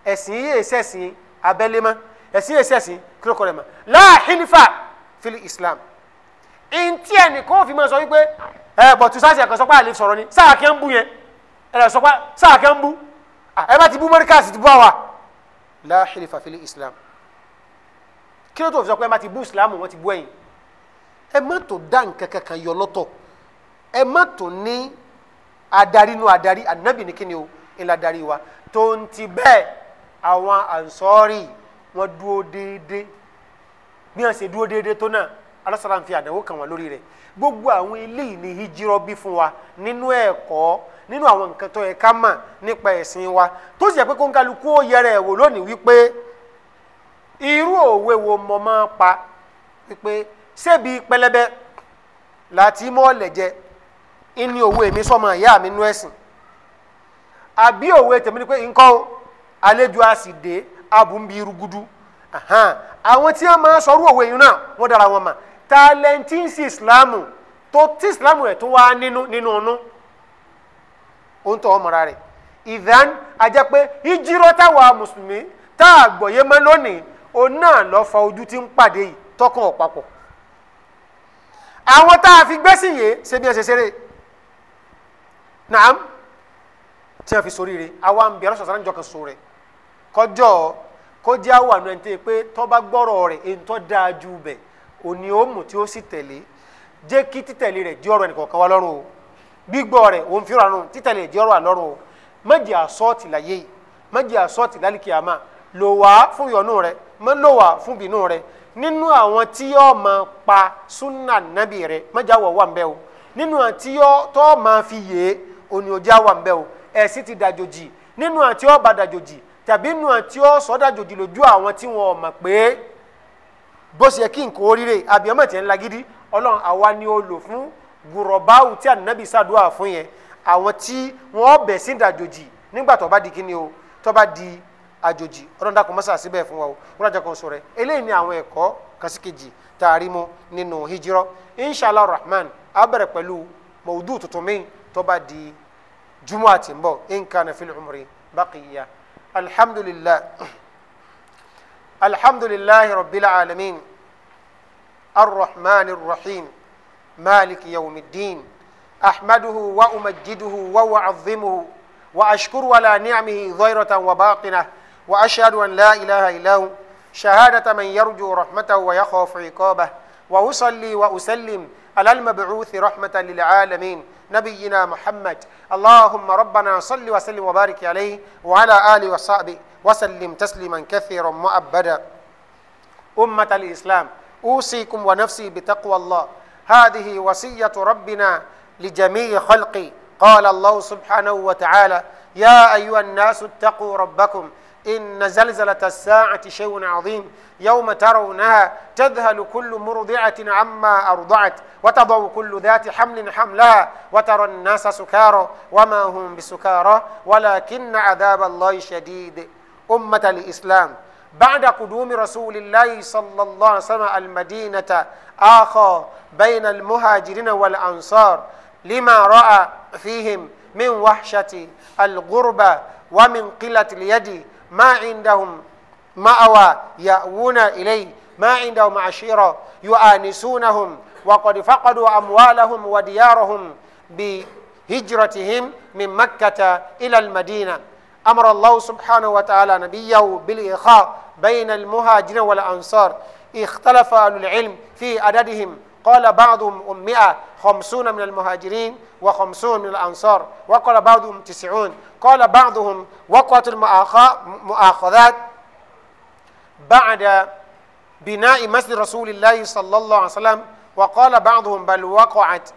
ẹ̀sìn yìí èsì ẹ̀sìn abẹ́lé mọ́ ẹ̀sìn èsì ẹ̀sìn kílókọ̀ láàhínífà fili islam ntí ẹnì kan fi máa sọ wípé ẹ bọ̀ tù sáà sì ẹ̀kan sọpá àlè sọ̀rọ̀ ni sáà kẹ́ ń bú yẹn ẹ lọ sọpá sáà kẹ́ ń bú ẹ bá ti bú mọ́ríkà sì ti bú àwa láàhínífà fili islam kí ló tó fi sọ pé ẹ má ti bú islam wọn ti bú ẹ̀yìn ẹ má tó dá nǹkan kankan yọ lọ́tọ̀ ẹ má tó ní adarí nu adarí ànábì ní kíni o ìlà adarí wa tó ń ti bẹ́ẹ̀ àwọn ansọ́ọ̀rì wọn dúró déédéé bí wọn ṣe dúró déédéé tó náà alásàlám fi àdánwò kàn wọn lórí rẹ gbogbo àwọn eléyìí ni hijirọ bí wa nínú ẹkọ nínú àwọn nǹkan tó yẹ ká mà nípa ẹsìn wa tó sì yẹ pé kóńkálukú ó yẹrẹ ẹwò lónìí wípé irú òwe mọ máa pa wípé ṣébi pẹlẹbẹ láti ìní òwe mi sọmọ ìyá mi nú ẹ̀sìn àbí òwe ni pé nǹkan àlejò a sì dé abùnbí irúgudu àwọn tí wọn máa sọrú òwe yìí náà wọn dára wọn mà tálẹ́ǹtì sí ìsìláàmù tó tí ìsìláàmù rẹ̀ tún wá nínú nínú ọ̀nù ó ń tọ́ ọmọra rẹ̀ ìdán ajẹ́ pé ìjírọ́ táwa mùsùlùmí tá a gbọ̀yé mọ́ lónìí òun náà lọ fa ojú tí ń pàdé yìí tọkàn ọ̀pápọ̀ àwọn tá a fi gbẹ́sìn yé ṣe bí ẹ ṣeré naam tí a fi sórí rẹ̀ àwa ń bẹ̀rẹ̀ sọ̀sán níjọ kan rẹ̀ kọjọ́ kọjá wà nù ẹni tẹ́ pé tọ́ba gbọ́rọ̀ rẹ̀ èyí tó dáa ju bẹ̀ òní ó mú tí ó sì tẹ̀lé jẹ́ kí títẹ̀lé rẹ̀ di ọ̀rọ̀ ẹnì kọ̀ọ̀kan wá lọ́rùn o gbígbọ́ rẹ̀ òun fi rànú títẹ̀lé di ọ̀rọ̀ àlọ́rùn o méjì àsọ́ọ̀tì láyé yìí méjì àsọ́ọ̀tì lálìkìyàmá lò wá fún yọ̀nù rẹ̀ mọ́ lò wá fún bínú rẹ̀ nínú àwọn tí yóò máa pa súnà nábì rẹ̀ méjì àwọ̀ wà ń bẹ́ o nínú àti tó máa fi yé òní òjá wà ń o ẹ̀sìn ti dàjòjì nínú àti ọba dàjòjì tàbí nù àti ọ sọdájòjì lójú àwọn tí wọn mọ̀ pé bó ṣe kí nǹkan oríire àbíọ́mọ̀ tiẹ̀ ń lagídí ọlọ́run àwa ni ó lò fún gùrọ̀báwù tí ànábì sàdúrà fún yẹn àwọn tí wọn bẹ̀ sí ìdàjòjì nígbà tó bá di kíni o tó bá di àjòjì ọlọ́run dàkún mọ́sá síbẹ̀ fún wa o wọ́n rájà kan sọ eléyìí ni àwọn ẹ̀kọ́ kan tá a rí mu nínú hijirọ́ inshallah rahman a bẹ̀rẹ̀ pẹ̀lú mọ̀ọ́dù tuntun mi tó bá di jumu'ah tí ń bọ̀ in umri baqiya. الحمد لله الحمد لله رب العالمين الرحمن الرحيم مالك يوم الدين احمده وامجده واعظمه واشكر على نعمه ظاهره وباطنه واشهد ان لا اله الا هو شهاده من يرجو رحمته ويخاف عقابه واصلي واسلم على المبعوث رحمه للعالمين نبينا محمد اللهم ربنا صل وسلم وبارك عليه وعلى اله وصحبه وسلم تسليما كثيرا مؤبدا امه الاسلام اوصيكم ونفسي بتقوى الله هذه وصيه ربنا لجميع خلقي قال الله سبحانه وتعالى يا ايها الناس اتقوا ربكم إن زلزلة الساعة شيء عظيم يوم ترونها تذهل كل مرضعة عما أرضعت وتضع كل ذات حمل حملها وترى الناس سكارى وما هم بسكارى ولكن عذاب الله شديد أمة الإسلام بعد قدوم رسول الله صلى الله عليه وسلم المدينة آخى بين المهاجرين والأنصار لما رأى فيهم من وحشة الغربة ومن قلة اليد ما عندهم مأوى يأوون إليه ما عندهم عشيرة يؤانسونهم وقد فقدوا أموالهم وديارهم بهجرتهم من مكة إلى المدينة أمر الله سبحانه وتعالى نبيه بالإخاء بين المهاجرين والأنصار اختلف أهل العلم في عددهم قال بعضهم أمئة خمسون من المهاجرين وخمسون من الأنصار وقال بعضهم تسعون قال بعضهم وقعت المؤاخذات بعد بناء مسجد رسول الله صلى الله عليه وسلم وقال بعضهم بل وقعت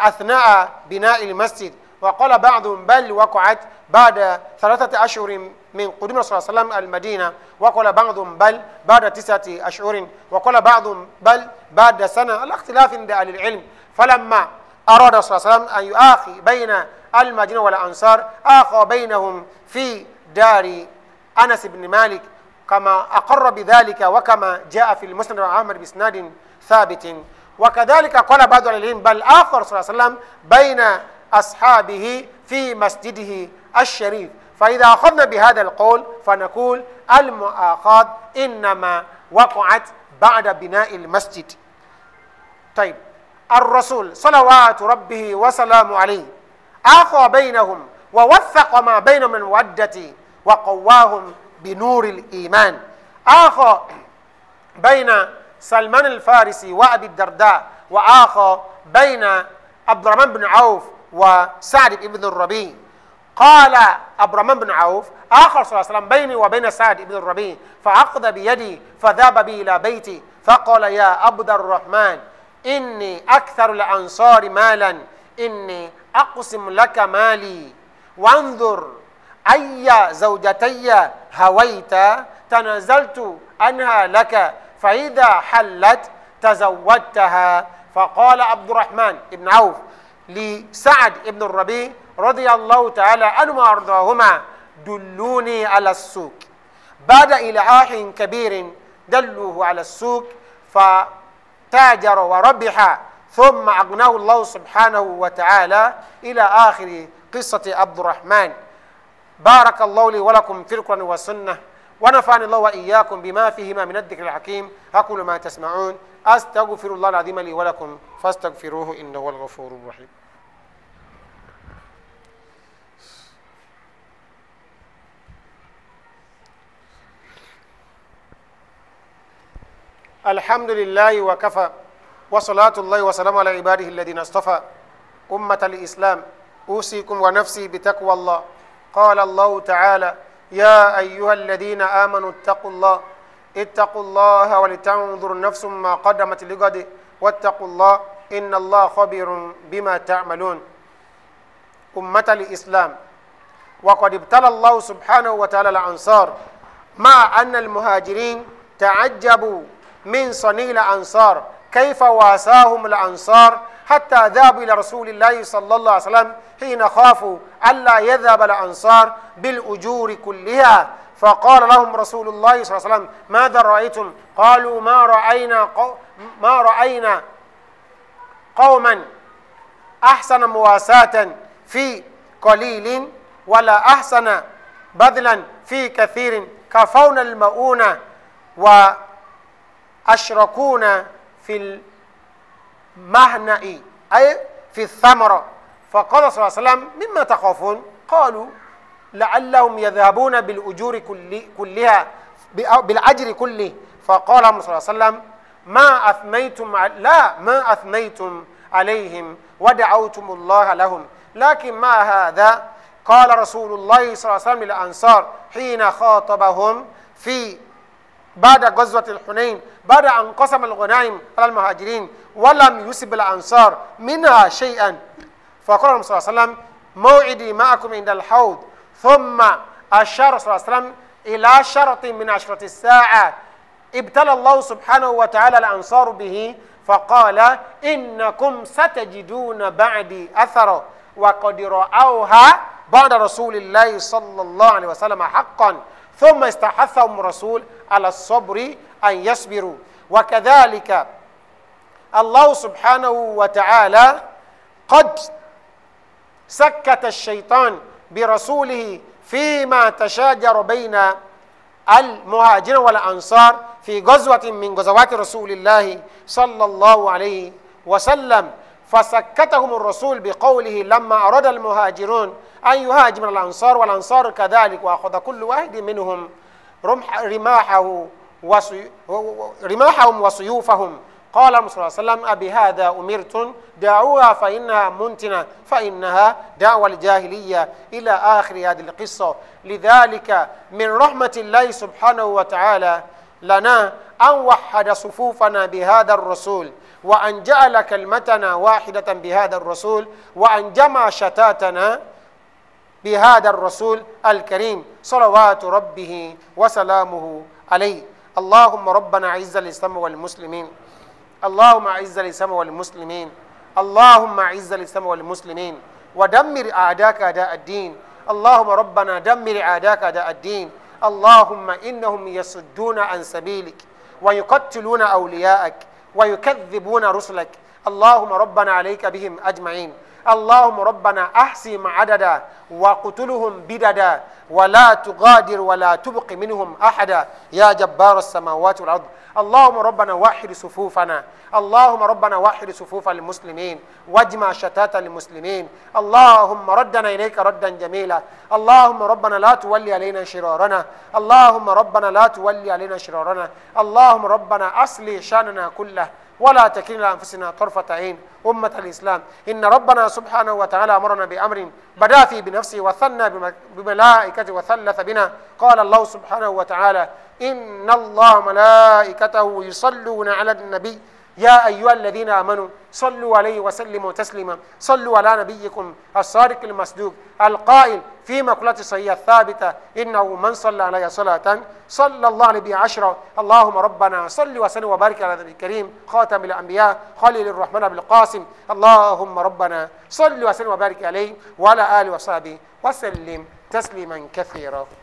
أثناء بناء المسجد وقال بعضهم بل وقعت بعد ثلاثة أشهر من قدوم الله صلى الله عليه وسلم المدينة وقال بعضهم بل بعد تسعة أشهر وقال بعضهم بل بعد سنة الاختلاف عند أهل العلم فلما أراد صلى الله عليه وسلم أن يؤاخي بين المدينة والأنصار آخى بينهم في دار أنس بن مالك كما أقر بذلك وكما جاء في المسند عامر بإسناد ثابت وكذلك قال بعض العلم بل آخر صلى الله عليه وسلم بين أصحابه في مسجده الشريف فإذا أخذنا بهذا القول فنقول المؤاخاة إنما وقعت بعد بناء المسجد طيب الرسول صلوات ربه وسلام عليه أخى بينهم ووثق ما بينهم من ودتي وقواهم بنور الإيمان أخى بين سلمان الفارسي وأبي الدرداء وأخى بين عبد الرحمن بن عوف وسعد بن الربيع قال عبد الرحمن بن عوف آخر صلى الله عليه وسلم بيني وبين سعد بن الربيع فأخذ بيدي فذهب بي إلى بيتي فقال يا عبد الرحمن إني أكثر الأنصار مالا إني أقسم لك مالي وانظر أي زوجتي هويت تنزلت عنها لك فإذا حلت تزوجتها فقال عبد الرحمن بن عوف لسعد بن الربيع رضي الله تعالى عنهما وارضاهما دلوني على السوق بعد إلحاح كبير دلوه على السوق ف تاجر وربح ثم أغناه الله سبحانه وتعالى إلى آخر قصة عبد الرحمن بارك الله لي ولكم في القرآن والسنة ونفعني الله وإياكم بما فيهما من الذكر الحكيم أقول ما تسمعون أستغفر الله العظيم لي ولكم فاستغفروه إنه هو الغفور الرحيم الحمد لله وكفى وصلاة الله وسلام على عباده الذين اصطفى أمة الإسلام أوصيكم ونفسي بتقوى الله قال الله تعالى يا أيها الذين آمنوا اتقوا الله اتقوا الله ولتنظر نفس ما قدمت لغد واتقوا الله إن الله خبير بما تعملون أمة الإسلام وقد ابتلى الله سبحانه وتعالى الأنصار مع أن المهاجرين تعجبوا من صني الأنصار كيف واساهم الأنصار حتى ذهبوا إلى رسول الله صلى الله عليه وسلم حين خافوا ألا يذهب الأنصار بالأجور كلها فقال لهم رسول الله صلى الله عليه وسلم ماذا رأيتم قالوا ما رأينا ما رأينا قوما أحسن مواساة في قليل ولا أحسن بذلا في كثير كفونا المؤونة و أشركون في المهنأ أي في الثمرة فقال صلى الله عليه وسلم مما تخافون قالوا لعلهم يذهبون بالأجور كلها بالأجر كله فقال صلى الله عليه وسلم ما أثنيتم لا ما أثنيتم عليهم ودعوتم الله لهم لكن ما هذا قال رسول الله صلى الله عليه وسلم للأنصار حين خاطبهم في بعد غزوة الحنين بعد أن قسم الغنائم على المهاجرين ولم يسب الأنصار منها شيئا فقال الرسول صلى الله عليه وسلم موعدي معكم عند الحوض ثم أشار صلى الله عليه وسلم إلى شرط من عشرة الساعة ابتلى الله سبحانه وتعالى الأنصار به فقال إنكم ستجدون بعدي أثرا وقد رأوها بعد رسول الله صلى الله عليه وسلم حقا ثم استحثهم الرسول على الصبر أن يصبروا وكذلك الله سبحانه وتعالى قد سكت الشيطان برسوله فيما تشاجر بين المهاجرين والأنصار في غزوة من غزوات رسول الله صلى الله عليه وسلم فسكتهم الرسول بقوله لما أراد المهاجرون أن يهاجم الأنصار والأنصار كذلك وأخذ كل واحد منهم رمح رماحه رماحهم وسيوفهم قال النبي صلى الله عليه وسلم أبهذا أمرتم دعوها فإنها منتنة فإنها دعوة الجاهلية إلى آخر هذه القصة لذلك من رحمة الله سبحانه وتعالى لنا أن وحد صفوفنا بهذا الرسول وأن جعل كلمتنا واحدة بهذا الرسول وأن جمع شتاتنا بهذا الرسول الكريم صلوات ربه وسلامه عليه اللهم ربنا عز الإسلام والمسلمين اللهم عز الإسلام والمسلمين اللهم عز الإسلام والمسلمين ودمر أعداك أداء الدين اللهم ربنا دمر أعداك أداء الدين اللهم إنهم يصدون عن سبيلك ويقتلون أولياءك ويكذبون رسلك اللهم ربنا عليك بهم أجمعين اللهم ربنا أحسهم عددا وقتلهم بددا ولا تغادر ولا تبق منهم أحدا يا جبار السماوات والأرض اللهم ربنا وحد صفوفنا اللهم ربنا وحد صفوف المسلمين واجمع شتات المسلمين اللهم ردنا إليك ردا جميلا اللهم ربنا لا تولي علينا شرارنا اللهم ربنا لا تولي علينا شرارنا اللهم ربنا أصلي شأننا كله ولا تكلنا أنفسنا طرفة عين أمة الإسلام إن ربنا سبحانه وتعالى أمرنا بأمر بدا في بنفسه وثنى بملائكته وثلث بنا قال الله سبحانه وتعالى إن الله ملائكته يصلون على النبي يا أيها الذين آمنوا صلوا عليه وسلموا تسليما صلوا على نبيكم الصادق المصدوق القائل في مقولة صحيحة الثابتة إنه من صلى علي صلاة صلى الله عليه بها عشرة اللهم ربنا صل وسلم وبارك على النبي الكريم خاتم الأنبياء خليل الرحمن بن القاسم اللهم ربنا صل وسلم وبارك عليه وعلى آله وصحبه وسلم تسليما كثيرا